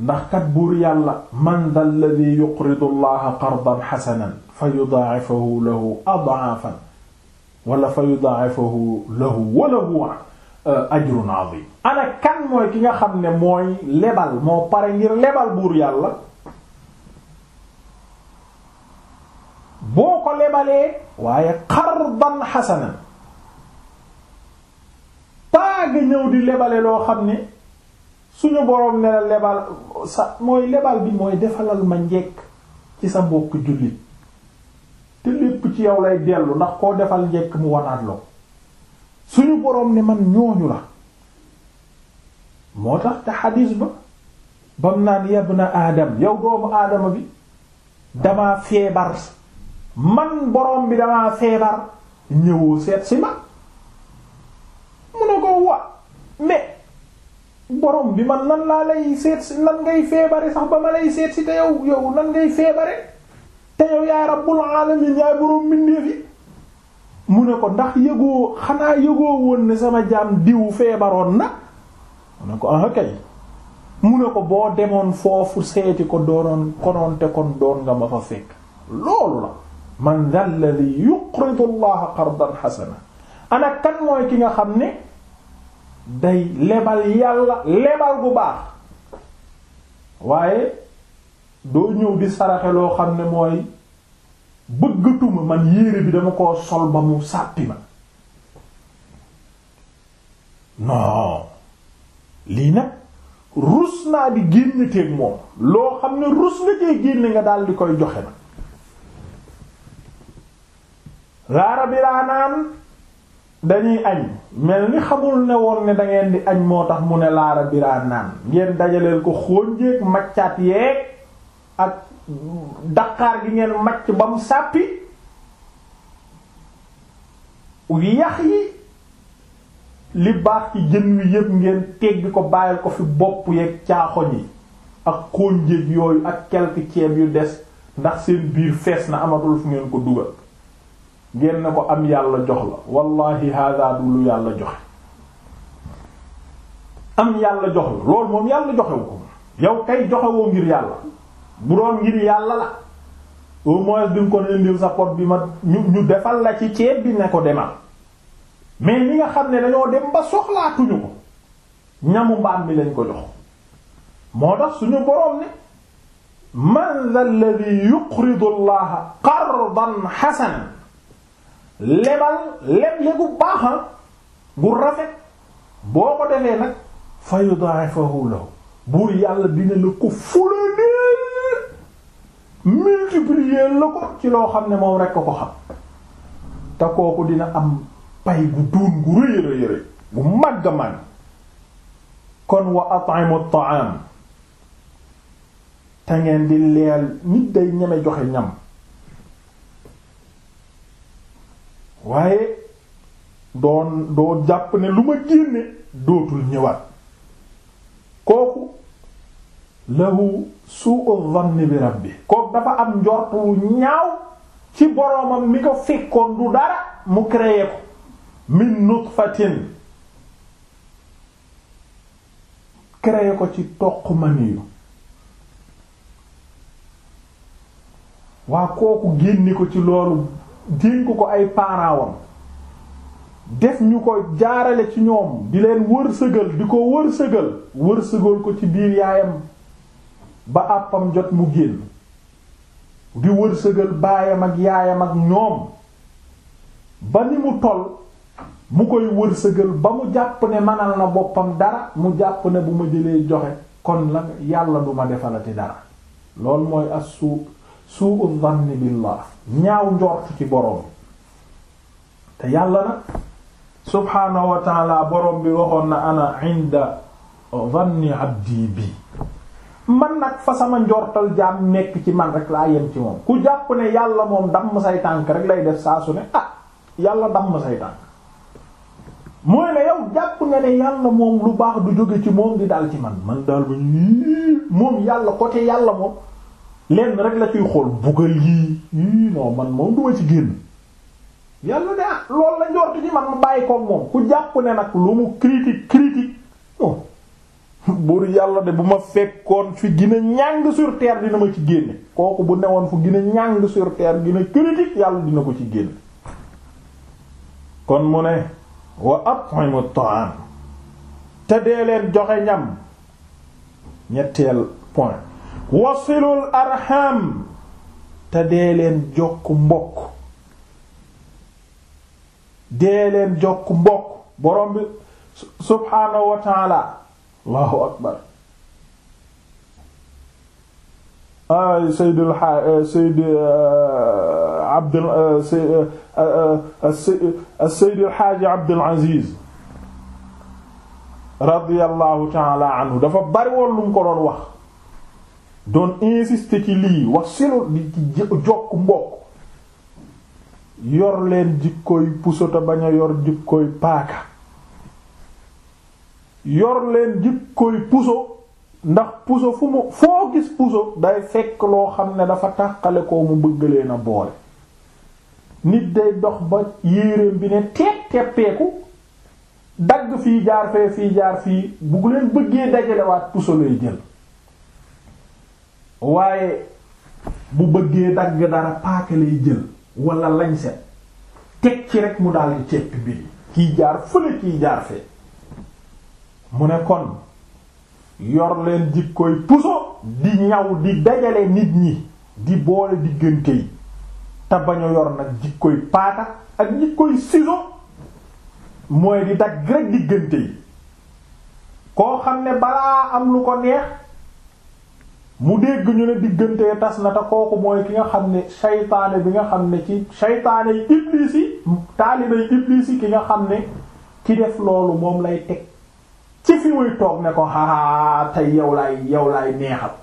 ndax kat buur yàlla man dal ladhi yuqridu allaha qardan hasanan fa yudaa'ifahu lahu ad'aafan wala fa yudaa'ifahu lahu wa lahu ajrun azim ana kan mooy ki nga xam ne mooy lebal moo pare ngir lebal buur yàlla boo ko lebalee waaye qardan xasanan paa ñëw di lebale loo xam ne suñu boroom ne la lebal mooy lebal bi mooy defalal ma njekk ci sa mbokk jullit ci yow lay dellu ndax koo defal njekk mu wanaat la suñu boroom ne man ñooñu la moo tax te xadiis ba bam naan yab na aadam yow doomu aadama bi damaa feebar man boroom bi damaa feebar ñëwu seet si ma mu ne ko wa mais boroom bi man nan laa lay seet si nan ngay feebare sax ba ma lay seet si te yow yow nan ngay feebare te yow yaay rabbul alamin yaay boroom mbindeef yi mu ne ko ndax yëgoo xanaa yëgoo woon ne sama jaam diw feebaroon na mu ne ko ah kay mu ne ko boo demoon foofu seeti ko doonoon konoonte kon doon nga ma fa fekk loolu la man dal ladhi yuqridu allaha qardan hasana ana kan mooy ki nga xam ne day lebal yàlla lebal bu baax waaye doo ñëw di saraxe loo xam ne mooy bëggatuma man yére bi dama koo sol ba mu sàppi ma non lii nag rus naa di génn teeg moom loo xam ne rus nga cee génn nga daal di koy joxe na laara bi laa dañuy añ mel ni xamul ne woon ne dangeen di añ moo tax mu ne laara bi ngeen dajaleel ko xóonjeeg maccaat yeeg ak daqaar gi ngeen macc ba mu sàppi yax yi li baax ci jën wi yëpp ngeen teggi ko bàyyil ko fi bopp yeeg caaxoñ yi ak konjéeg yooyu ak quelques ceeb yu des ndax seen biir fees na amatul fu ngeen ko dugal ngeen na ko am yàlla jox la wallahi hada lu yàlla joxe am yàlla jox la loolu moom yàlla joxewu ko yow kay joxewoo ngir yàlla bu doon ngir yàlla la au moins bi ko indil sa pot bi ma ñu ñu defal la ci ceeb bi ne ko demal mais ñi nga xam ne dañoo dem ba soxlaatuñu ko ñamu mbaam mi lañ ko jox moo tax suñu boroom ne man dha alladhi yuqridu allaha qardan xasan lebal leble gu baaxa ah, gu rafet boo ko defee nag fa yudha'ifahu lahu buur yàlla dina la ko fule multiplier la ko ci loo xam ne moom rekk ko ko xam te kooku dina am pay gu duun gu rëy rëy rëy bu màgg man kon wa at'imu at'am te ngeen di leel nit day ñeme joxe ñam waaye doon doo jàpp ne lu ma génne dootul ñëwaat lahu su'u dhanni bi rabbi kooku dafa am njort wu ñaaw ci boroomam mi ko fekkoon du dara mu créé ko min nutfatin créé ko ci toq maniyu waa kooku génni ko ci loolu dénk ko ko ay paaraawam def ñu ko jaarale ci ñoom di leen wërsëgal di ko wërsëgal wërsëgal ko ci biir yaayam ba àppam jot mu génn di wërsëgal baayam ak yaayam ak ñoom ba ni mu toll mu koy wërsëgal ba mu jàpp ne manal na boppam dara mu jàpp ne bu ma jëlee joxe kon la yàlla duma ma defalati dara lool mooy as suu su'u dhanni billah ñaaw njort ci borom te yàlla nag subhaanahu wa ta'ala bi waxoon na ana inda dhanni abdi bi man nag fa sama njortal jaam nekk ci man rek laa yem ci moom ku jàpp ne yàlla moom damm say tànk rek lay def saa su ne ah yàlla damm say tànk mooy ne yow jàpp nga ne yàlla moom lu baax du jóge ci moom di daal ci man man daal ba ñu moom yàlla côté yàlla moom lenn rek la ciy xool bugal yi non man moom duma ci génn yàlla de ah loolu la njort ci man ma bàyyi koog moom ku jàpp ne nag lu mu critique critique yàlla de bu ma fekkoon fi gën a ñàng sur dina ma ci génne kooku bu newoon fu gën a ñàng sur terre gën a critique yàlla dina ko ci génne kon mu ne wa at'imu ta'am te dee leen joxe ñam ñetteel point wasilul arham te dee leen jokk mbokk dee leen jokk mbokk borom bi subhaanahu wa allahu akbar ah Seydou xa Seydou Abdel Seydou El Hadj Abdel Aziz radiyallahu ta'ala anhu dafa bari woon lu mu ko doon wax doon insister ci lii wax silo di jokk mbokk yor leen jikkooy puso te bañ yor jikkooy paaka yor leen jikkooy puso. ndax puso fu mu foo gis puso day fekk loo xam ne dafa tàqale koo mu bëgg leen a boole nit day dox ba yéeréem bi ne teet teppeeku dagg fii jaar fee fi jaar fii bu leen bëggee lay jël waaye bu bëggee dagg dara paaka lay jël wala lañ set teg ci rek mu daldi ceppi mbir yi kiy jaar fële kiy jaar fee mu ne kon yor leen jikkoy puso di ñaw di dajale nit ñi di boole diggante yi te bañ a yor nag jikkoy paata ak jikkoy siso mooy di dagg rek diggante yi koo xam ne balaa am lu ko neex mu dégg ñu ne diggante tas na te kooku mooy ki nga xam ne saytaane bi nga xam ne ci saytaane yi yi taalibe yi yi ki nga xam ne ki def loolu moom lay teg fi muy toog ne ko xaxaa tey yow laay yow laay neexal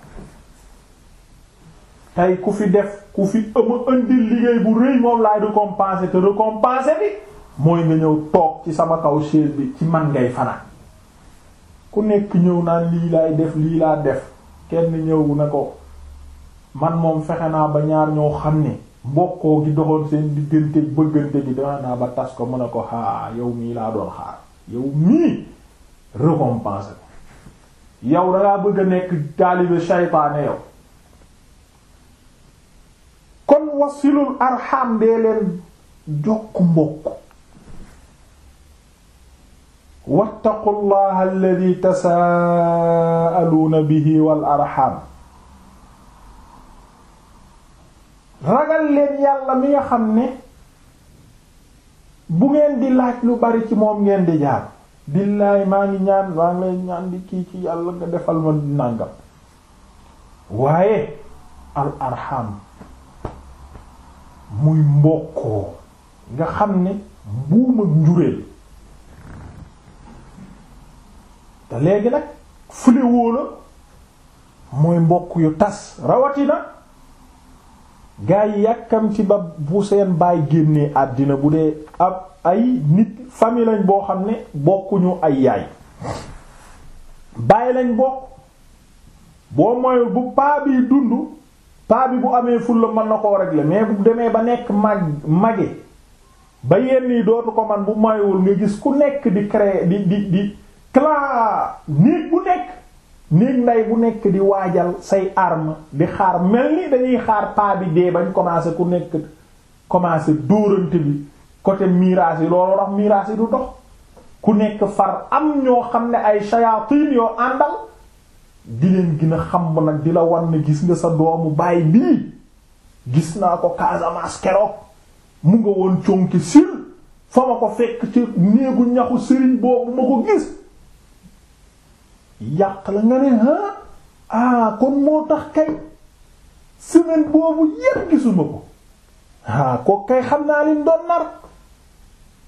tey ku fi def ku fi ëma indil liggéey bu rëy moom laay récompenser te récompenser bi mooy nga ñëw toog ci sama kaw chaise bi ci man ngay fanaan ku nekk ñëw naan lii laay def lii laa def kenn ñëw na ko man moom fexe naa ba ñaar ñoo xam ni mbokkoo gi doxoon seen diggante bëggante gi danaa naa ba tas ko mën a ko haa yow mii laa doon xaar yow mii récompenser ko yow dangaa bëgg a nekk taalibe shaytaane yow kon wasilul arxam dee leen jokk mbokk wattaqullaha alladi tasaaluuna bihi wal arxam ragal leen yàlla mi nga xam ne bu ngeen di laaj lu bari ci moom ngeen di jaar billaay maa ngi ñaan maa ngi lay ñaan di kii ci yàlla nga defal ma nàngam waaye al arham muy mbokkoo nga xam ni buuma ak njureel te léegi nag fulewoo la mooy mbokk yu tas rawatina gaa yi yàkkamti ba bu seen baay génnee àddina bu dee ab ay nit famille lañ boo xam ne bokkuñu ay yaay baay lañ bokk boo moyul bu paa bi dund paa bi bu amee fulla mën na koo régler mais bu demee ba nekk mag mage ba yenn yi dootu ko man bu moywul nga gis ku nekk di créer di di di clan nit bu nekk néeg nday bu nekk di waajal say arme di xaar mel ni dañuy xaar paa bi dee bañ commencé ku nekk commencé dóorante bi côté miraas yi loolu tax miraas yi du dox ku nekk far am ñoo xam ne ay shayatin yoo àndal di leen gën a xam nag di la wan ne gis nga sa doomu baay bii gis naa ko Casamance keroog mu nga woon conki sil fa ma ko fekk ci néegu ñaxu sëriñ boobu ma ko gis yàq la nga ne ah kon moo tax kay semaine boobu yépp gisuma ko ah ko kay xam naa lim doon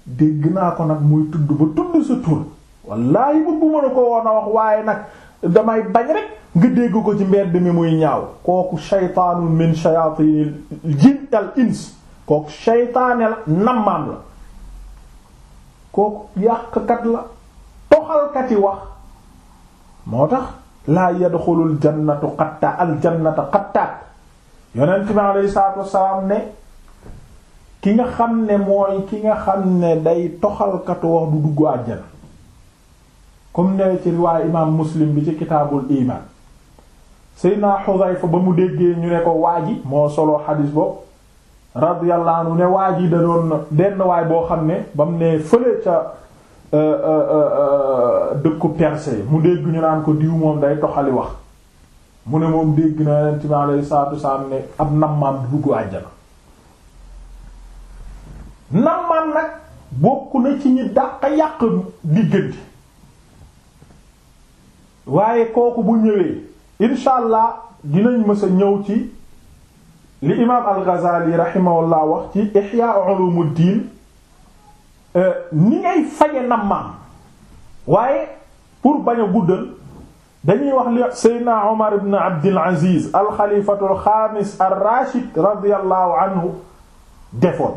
dégg naa ko nag muy tudd ba tudd sa tur wallaahi bu mën a ko woon a wax waaye nag damay bañ rek nga dégg ko ci mbedd mi muy ñaaw kooku shaytaanul min shayatinil jinn al ins kooku shaytaanel nammaam la kooku yàqkat la toxalkati wax moo tax laa yadxulul jannatu xattaa aljannata xattaat yonent bi alayhi salaatu wassalaam ne ki nga xam ne mooy ki nga xam ne day toxalkatu wax du duggu àjjana comme ne ci riwaaya imaam muslim bi ci kitaabul iman Seydina Xudayfa ba mu déggee ñu ne ko waaji moo solo xadis boobu radiyallahu anhu ne waaji da doon benn waay boo xam ne ba mu ne fële ca Euh, euh, euh, dëkku perse mu dégg ñu naan ko diw moom day toxali wax mu ne moom dégg na yonent bi alayhi salaatu wasalaam ne ab nammaam du àjjana nammaam nag bokk na ci ñi dàq yàq diggante waaye kooku bu ñëwee insha allah dinañ mësa ñëw ci li imaam al-Ghazali wax ci Ihya ulumuddin Euh, ni ngay faje nammaam waaye pour bañ a guddal dañuy wax li seydna omar ibn abdil aziz alxalifatu alxaamis alrashid radiallahu anhu defoon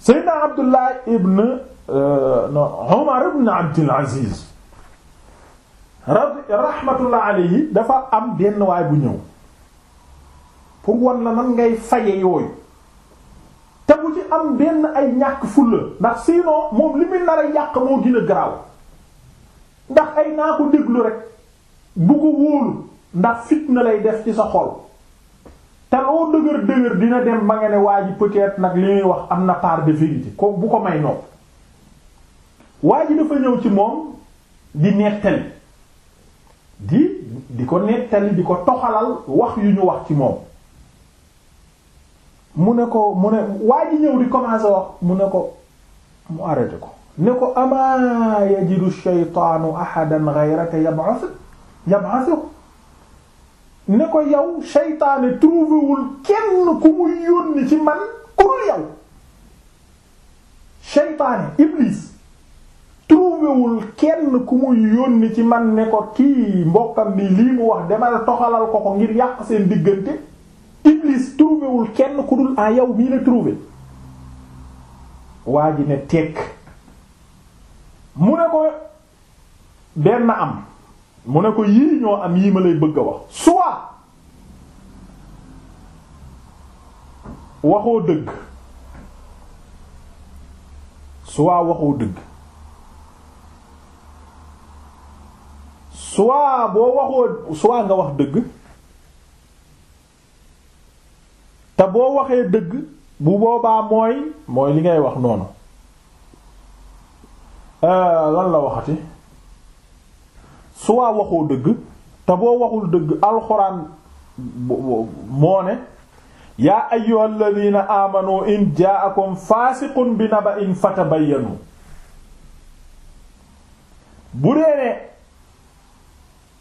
seydna abdullah ibn euh, omar ibn abdil aziz rahmatullah alayhi dafa am benn waay bu ñëw pour wan la nan ngay faje yooyu am benn ay ñàkk fulla ndax sinon moom li muy nar a yàq moo gën a ndax ay naa ko déglu rekk bu ko wóolu ndax fitna lay def ci sa xol te loo dëgër dëgër dina dem ba nga ne waa ji peut nag li muy wax am na part de ko bu ko may nopp waa ji dafa ñëw ci moom di nettali di di ko nettali di ko toxalal wax yu ñu wax ci moom mu ne ko mu ne waa ji ñëw di commencer wax mu ne ko mu arrêté ko ne ko amaa yajidu shaytaanu ahadan ghayraka yab'athu yab'athu ne ko yow shaytaane trouvé wul kenn ku muy ci man ku dul yow shaytaane iblis wul kenn ku muy yónni ci man ne ko kii mbokkam bi lii mu wax demal toxalal ko ko ngir yàq seen diggante Iblis trouvé wul kenn ku dul en ah, yow mii la trouvé waa ji ne tekk mu ne ko benn am mu ne ko yii ñoo am yii ma lay bëgg a wax soit waxoo dëgg soit waxoo dëgg soit boo waxoo soit nga wax dëgg te boo waxee dëgg bu boobaa mooy mooy li ngay wax noonu euh, lan la waxati su waa waxoo dëgg te boo waxul dëgg alxuraan moo ne yaa ayyuhal ladina amanu in ja'akum fasiqun bi naba'in fatabayyanu bu dee ne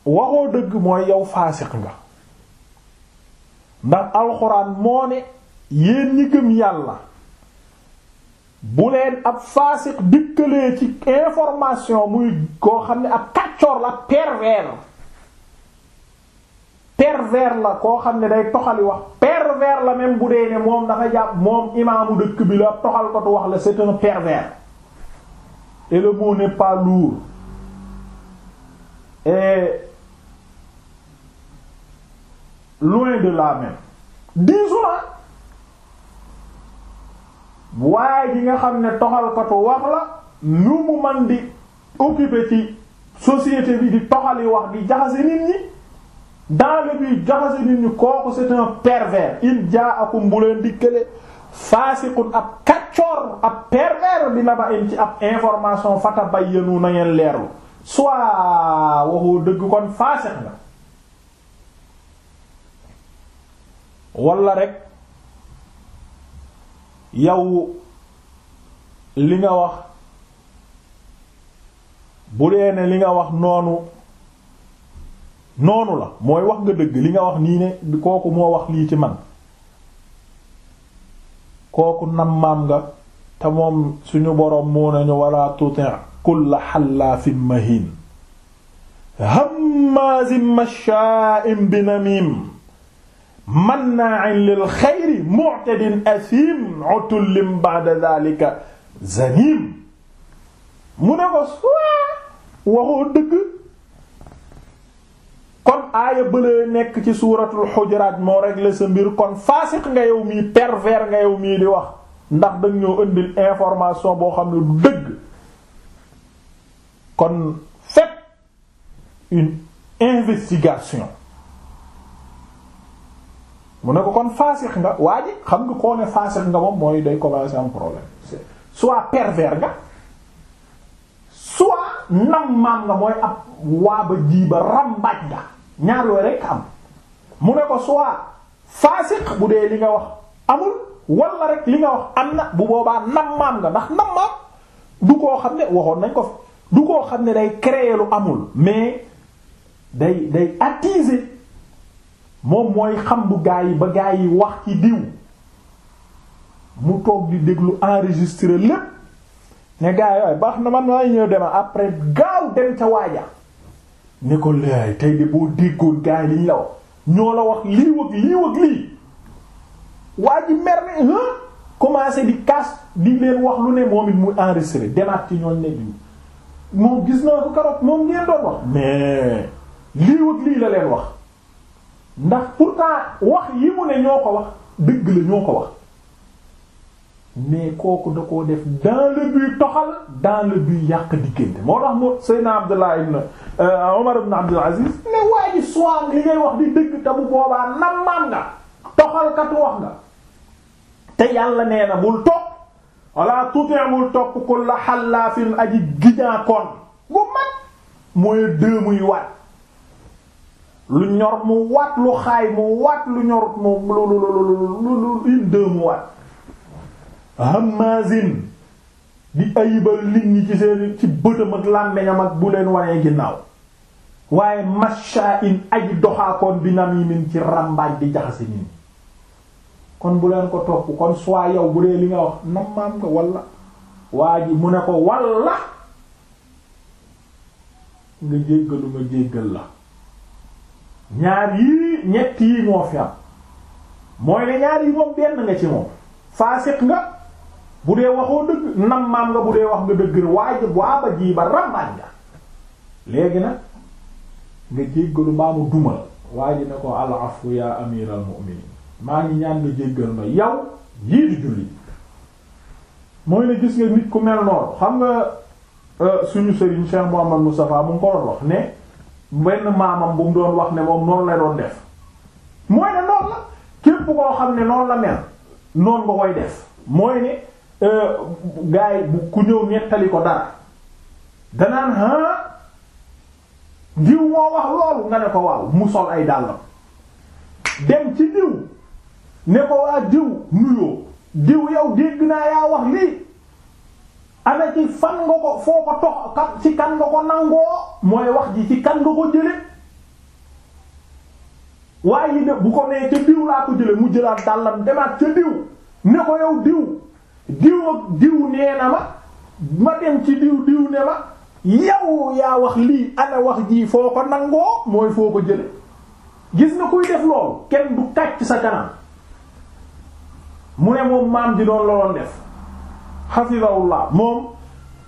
waxoo dëgg mooy yow faasiq nga ndax alxuraan moo ne yéen ñi gëm yàlla bu leen ab faasiq dikkalee ci information muy koo xam ne ab kàccoor la pervers pervers la koo xam ne day toxali wax pervers la même bu dee ne moom dafa jàpp moom imaamu dëkk bi la toxal ko wax la c'est un pervers et le pas lourd loin de là même dix waaye ji nga xam ne toxalkatu wax la nu mu man di occuper ci société bi di toxali wax di jaxase nit ñi dans le but jaxase nit ñi kooku c'est un pervers in ja'akum bu leen dikkale faasiqun ab kaccoor ab pervers bi na ba in ci ab information fatabayyanu na ngeen leerlu soit waxoo dëgg kon faasiq nga wala rek yow li nga wax bu dee ne li nga wax noonu noonu la mooy wax nga dëgg li nga wax nii ne kooku moo wax lii ci man kooku nammaam nga te moom suñu boroom moo nañu wala tuti' kulla xallaafin mahin hammaazin mashaa'in binamiim mannaa'in lil xayri mu'tadin asiim utullin ba'da zaalika zaniim mu ne ko soit waxoo dëgg kon aaya bëlee nekk ci suuratul xujuraat moo régler sa mbir kon faasiq nga yow mii pervers nga yow mii di wax ndax dañoo ñoo information boo xam ne du dëgg kon faites une investigation mu ne ko kon faasix nga waa xam nga koo ne faasix nga moom mooy day commencer am problème soit pervers nga soit nam maam nga mooy ab waa ba ji ba rambaaj nga ñaar yooyu rekk am mu ne ko soit faasix bu dee li nga wax amul walla rek li nga wax am na bu boobaa nam maam nga ndax nam maam du koo xam ne waxoon nañ ko du koo xam ne day créer lu amul mais day day attiser moom mooy xam bu gaa yi ba gaa yi wax ci diw mu toog di déglu enregistré lépp ne gaa yooyu baax na man waaye ñëw dema après gaaw dem ca waaja ne ko laay tey de boo déggoon gaa yi liñ la wax ñoo la wax lii wëg lii wëg lii waa ji mer ne commencé di kaas di leen wax lu ne moom it muy enregistré demaat ci ñooñ ne diw moom gis naa ko karoot moom ngeen doon mais lii wëg lii la leen wax ndax pourtant wax yi ne ñoo wax dëgg la ñoo wax mais kooku da koo def dans le but toxal dans le but yàq diggante moo tax mu Seydina Abdullah ibn Umar euh, ibn Abdul Aziz ne waa ji soang li ngay wax di dëgg te boobaa nammaan nga toxalkatu wax nga te yàlla nee na bul topp walla tuutee bul topp kulla xallaafin aji giñaakoon bu mag mooy deux muy waat lu ñor mu waat lu xaay mu waat lu ñorut mu lu lu lu lu une deux mu waat hamazin di ayibal nit ñi ci seen ci bëtam ak làmmeñam ak bu leen wanee ginnaaw waaye masha in aji doxaakoon bi namimin ci ràmbaaj di jaxase nit ñi kon bu leen ko topp kon soit yow bu dee li nga wax nammaam nga walla waa ji mu ne ko walla nga jéggalu nga jéggal la ñaar yii ñett yii moo fi am mooy ne ñaar yi moom benn nga ci moom faasiq nga bu dee waxoo dëgg nam maam nga bu dee wax nga dëgg waajib waaba jii ba ràmbaaj nga léegi nag nga jéggalu maamu duma waa ji ne ko al afu ya amiral mu'minin maa ngi ñaan nga jéggal ma yow yii julli mooy ne gis nga nit ku mel noonu xam nga euh, suñu sëriñ Cheikh Mouhammad Moustapha mu ngi ko wax ne benn maamam bu mu doon wax ne moom noonu la doon def mooy ne noonu la képp koo xam ne noonu la mel noonu nga koy def mooy ne euh, gaay ku ñëw nettali ko dara danaan ah diw moo wax loolu nga ne ko waaw mu sol ay dàllam dem ci diw ne ko waa diw nuyoo diw yow dégg naa yaa wax lii ana ci fan nga ko foo ko tox ci kan nga ko nangoo mooy wax ji ci kan nga ko jële waaye yi ne bu ko nee ca diw laa ko jële mu jëlaat dàllam demaat ca diw ne ko yow diw diw ak diw dem ci diw diw ne ma yow yaa wax lii ana wax jii foo ko nangoo mooy foo ko jële gis na kuy def loolu kenn du kàcc sa kanam mu ne moom maam ji doon la def hafizahullah moom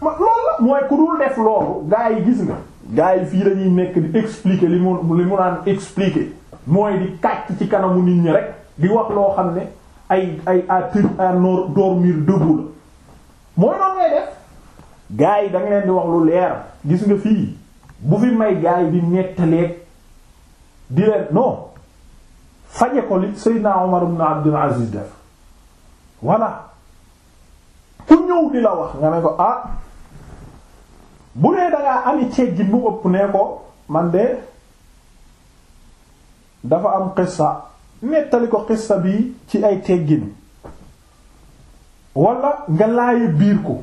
loolu mooy ku dul def loolu gaa yi gis nga gaa yi fii lañuy nekk di expliquer li mu li mu naan expliquer mooy di kàcc ci kanamu nit ñi rek di wax loo xam ne ay ay à à dormir debout la mooy noonu ngay def gaa yi danga nga leen di wax lu leer gis nga fii bu fi may gaa yi di nettaleeg di leen non faje ko li Seydina Omar ibn Abdul Aziz def voilà ku ñëw di la wax nga ne ko ah bu dee dangaa ami ceeg gi bu ëpp ne ko man de dafa am xissa nettali ko xissa bi ci ay teggin wala nga laaye biir ko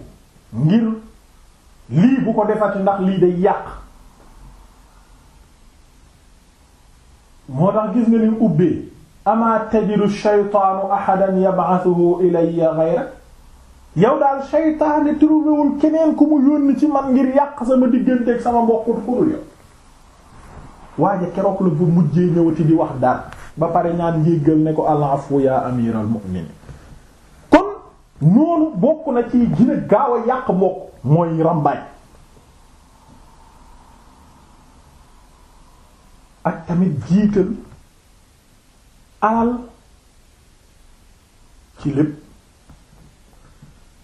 ngir lii bu ko defat ndax lii de yàq moo tax gis nga ni ubbee amaa tajidu shaytaanu ahadan yab'athuhu ilayya ghayrak yow daal seytaane trouvé wul keneen ku mu yónni ci man ngir yàq sama digganteeg sama mbokkut xurul yow waaye keroog la bu mujjee ñëwati di wax daal ba pare ñaan njéggal ne ko alafu amiral mu'minin kon noonu bokk na ci gina gaaw a yàq mbokk mooy rambaaj ak tamit jiital alal ci lépp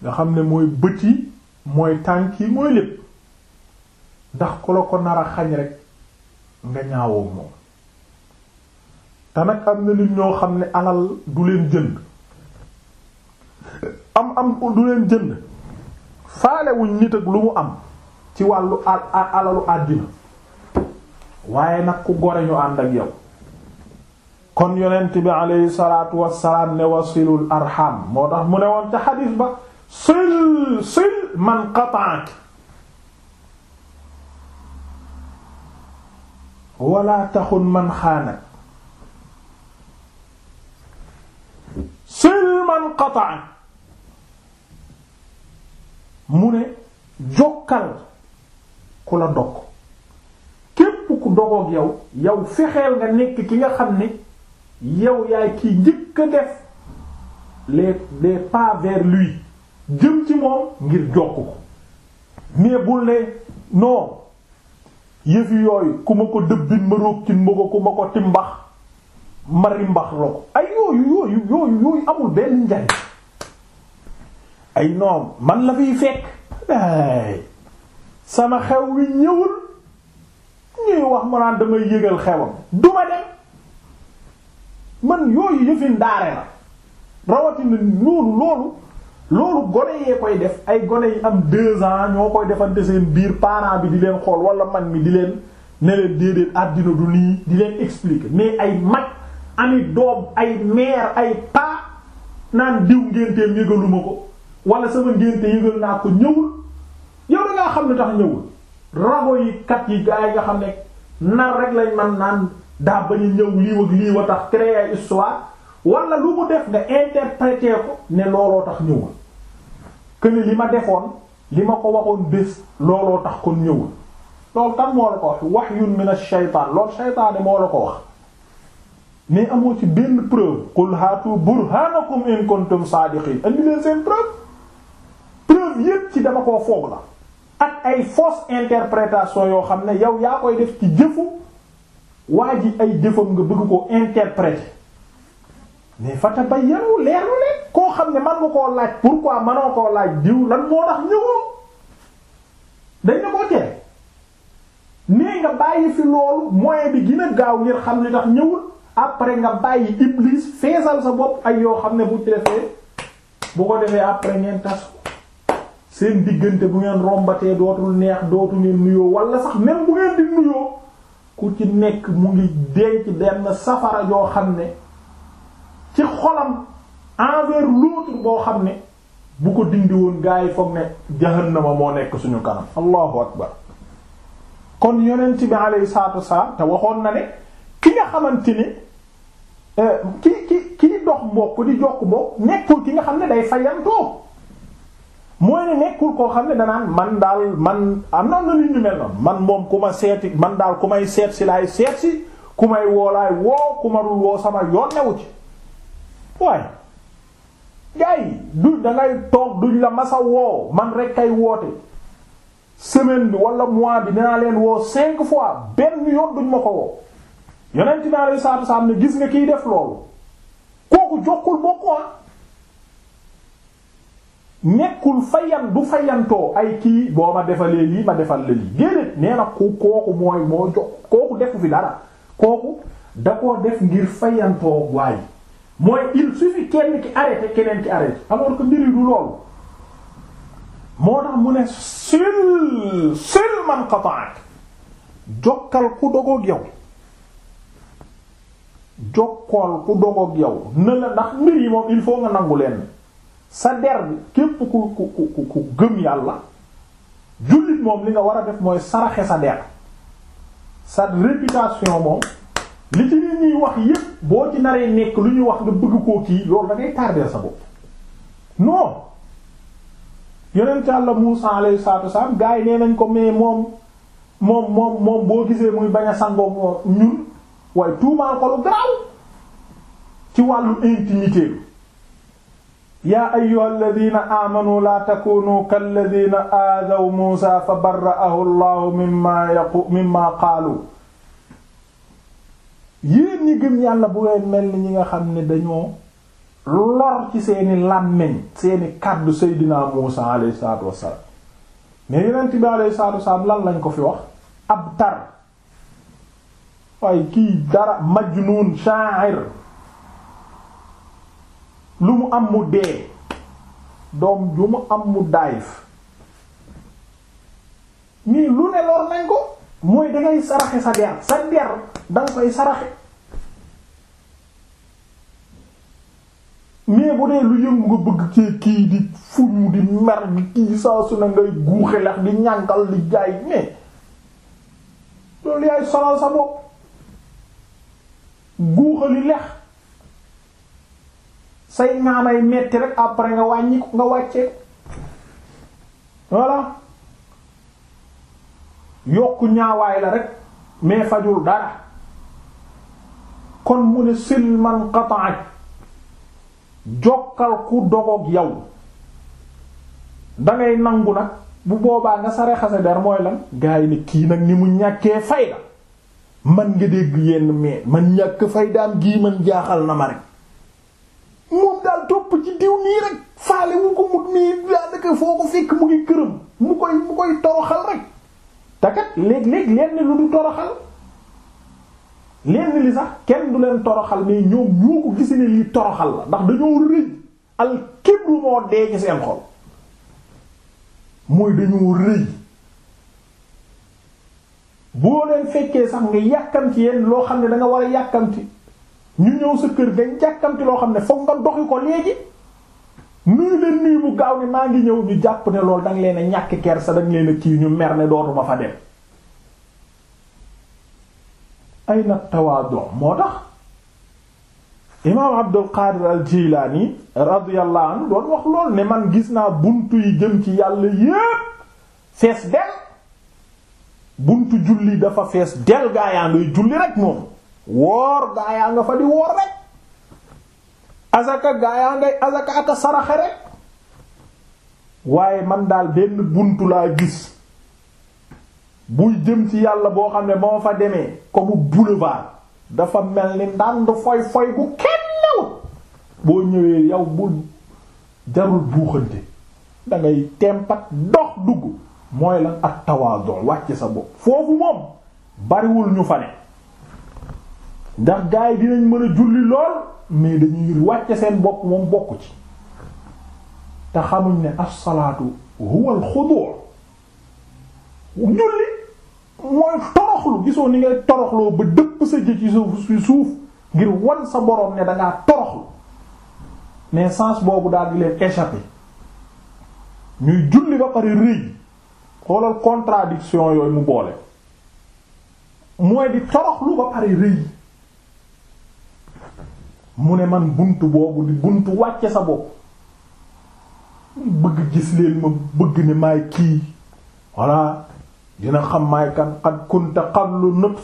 nga xam ne mooy bët yi mooy tànk yi mooy lépp ndax ku la ko nar a xañ rek nga ñaawoo moom te nag am na nit ñoo xam ne alal du leen jënd am am du leen jënd faalewuñ nit ak lu mu am ci wàllu alalu àddina waaye nag ku gore ñu ànd yow kon yonent bi aleyhi salaatu wassalaam ne wasilul arham moo tax mu ne woon ca xadiis ba sil sil man qata'ak wala taxun man xaanak sil man qata'ak mu ne jokkal ku la dog képp ku dogoog yow yow fexeel nga nekk ki nga xam ni yow yaay kiy njëkk def les les pas vers lui jëm ci moom ngir jokk ko mais bul ne non yëfi yooyu ku ma ko dëbbin ma roog cin ma ko ku ma ko timbax mari mbax la ko ay yooyu yooyu yooyu yooyu amul benn njariñ ay noom man la fiy fekk ay sama xew wi ñëwul ñuy wax ma naan damay yëgal xewam duma dem man yooyu yëfi ndaare la rawatina loolu loolu loolu gone yee koy def ay gone yi am deux ans ñoo koy defante seen biir parent bi di leen xool wala man mi di leen ne leen déedéet àddina du nii di leen expliquer mais ay mag ami doom ay mère ay pa naan diw ngénteem yëgaluma ko wala sama ngénte yëgal naa ko ñëwul yow da ngaa xam ne tax ñëwul rago yi kat yi gaa yi nga xam ne nar rek lañ man naan daa bañ a ñëw lii ak tax créer histoire wala lu mu def nga interpréter ko ne looloo tax ñëwul këni li ma defoon li ma ko waxoon bés looloo tax kon ñëwul loolu tam moo la ko wax wahyun min ash-shaytaan loolu shaytaane moo la ko wax mais amoo ci benn preuve qul haatu burhanakum in kuntum saadiqiin andi leen seen preuve preuve yépp ci dama ko foog la ak ay fausse interprétation yoo xam ne yow yaa koy def ci jëfu waa ji ay jëfam nga bëgg koo interpréter mais fata ba yow leeru leen koo xam ne man nga koo laaj pourquoi manoo koo laaj diw lan moo tax ñëwoo dañ na koo teel nee nga bàyyi fi loolu moyen bi gën gaaw ngir xam ne tax ñëwul après nga bàyyi iblis feesal sa bopp ay yoo xam ne bu defee bu ko defee après ngeen tas ko seen diggante bu ngeen rombatee dootul neex dootu ngeen nuyoo wala sax même bu ngeen di nuyoo ku ci nekk mu ngi denc benn safara yoo xam ne ci xolam envers l'autre boo xam ne bu ko dindi woon gaa yi foog ne jahannama moo nekk suñu kanam allahu akbar kon yonent bi alayhi salaatu wasalaam te waxoon na ne ki nga xamante ni euh, ki ki ki di dox mbokk di jokk mbokk nekkul ki nga xam ne day fayantoo mooy ne nekkul koo xam ne danaa man daal man am na na nit mel noonu man moom ku ma seeti man daal ku may seet si laay seet si ku may woolaay woo ku ma dul woo sama yoon newu ci waaye gars du dangay toog duñ la masa woow man rek kay woote semaine bi wala mois bi dinaa leen woo cinq fois benn yoon duñ ma ko woo yonent bi alayhi salaatu salaam ne gis nga kiy def loolu kooku jokkul bokkoo ah. nekkul fayan du fayantoo ay kii boo ma defalee lii ma defal la lii déedéet nee na kooku mooy moo jox kooku defu fi dara kooku da koo def ngir fayantoo waaye mooy il suffit kenn ki arrêté keneen ki arrêté alors que mbiri du loolu moo tax mu ne sil sil man qata'ak jokkal ku dogoog yow jokkool ku dogoog yow ne ndax mbir yi moom il faut nga nangu leen sa der bi képp ku ku ku ku gëm yàlla jullit moom li nga war a def mooy saraxe sa der sa réputation moom li ci nit ñuy wax yépp boo ci naree nekk lu ñu wax nga bëgg koo kii loolu da ngay tardeel sa bopp non yonent Yàlla Muusa alayhi salaatu wasalaam nee nañ ko mais moom moom moom moom boo gisee muy bañ a sangoo ñun waaye tuumaal ko lu garaaw ci wàllu intimité yaa ayyuha alladina amanu laa takunu kalladina aadaw Muusa fa barra'ahu Allahu mimma qaalu yéen ñi gëm yàlla bu ngeen mel ni ñi nga xam ne dañoo lor ci seeni làmmeñ seeni kàddu seydinaa Muusaa alayhi salaatu wassalaam mais yonent bi alayhi salaatu wassalaam lan lañ ko fi wax ab tar waaye kii dara majnuun sha'ir lu mu am mu dee doom ju mu am mu daayif nii lu ne lor nañ ko mooy dangay saraxe sa der sa der danga koy saraxe mais bu dee lu yëngu nga bëgg ci kii di fuñu di mer bi kii saa su na ngay guuxe lax di ñànkal di jaay mais loolu yaay solal sa bopp guuxali lex say ñaamay metti rek après nga wàññi nga wàcce voilà yokk ñaawaay la rek mais fajul dara kon mu ne silman qata'ak jokkal ku dogoog yow dangay nangu nag bu boobaa nga sare xase mooy lan gaa yi kii nag ni mu ñàkkee fayda man nga dégg yenn mais man ñàkk faydaam gii man jaaxal na ma rek moom daal topp ci diw nii rek faale wu ko mut nii daanaka foo ko fekk mu ngi këram mu koy mu koy toroxal rek takat léeg-léeg lenn lu du toroxal lenn li sax kenn du leen toroxal mais ñoom ñoo ko gis ne lii toroxal la ndax dañoo rëy al kibru moo dee ci seen xol mooy dañoo rëy boo leen fekkee sax nga yàkkamti yenn loo xam ne da war a yàkkamti ñu ñëw sa kër nga yàkkamti loo xam ne fokk nga doxi ko léegi nuyu leen nuyu bu gaaw ni maa ngi ñëw ñu jàpp ne lool danga leen a ñàkk kersa danga leen a kii ñu mer ne dootuma fa dem ay na tawaadu moo tax imaam abdul qadir al jilaani radiyallahu anhu doon wax lool ne man gis naa buntu yi ci yàlla yépp fees del buntu julli dafa fees del gaa yaa ngay julli rek moom woor gaa nga fa di woor rek azaka gaayaa ngay azaka aka saraxe rek waaye man daal benn bunt laa gis buy jëm ci yàlla boo xam ne ba ma fa demee comme boulevard dafa mel ni ndànd foy foy bu kenn new boo ñëwee yow bu jarul buuxante dangay tempat dox dugg mooy lan ak tawaadon wàcc sa bopp foofu moom bariwul ñu fa ne ndax gaay dinañ mën a julli lool mais dañuy wàcce seen bopp moom bokk ci te xamuñ ne as-salaatu huwa al julli mooy toroxlu gisoo ni ngay toroxloo ba dëpp sa jë ci suuf si suuf ngir wan sa boroom ne dangaa toroxlu mais sens boobu daal di leen échappé ñuy julli ba pare rëy xoolal contradiction yooyu mu boole mooy di toroxlu ba pare rëy mu ne man bunt boobu di buntu wàcce sa bopp bëgg gis leen ma bëgg ne maay kii voilà dina xam maay kan qad kunta qablu nut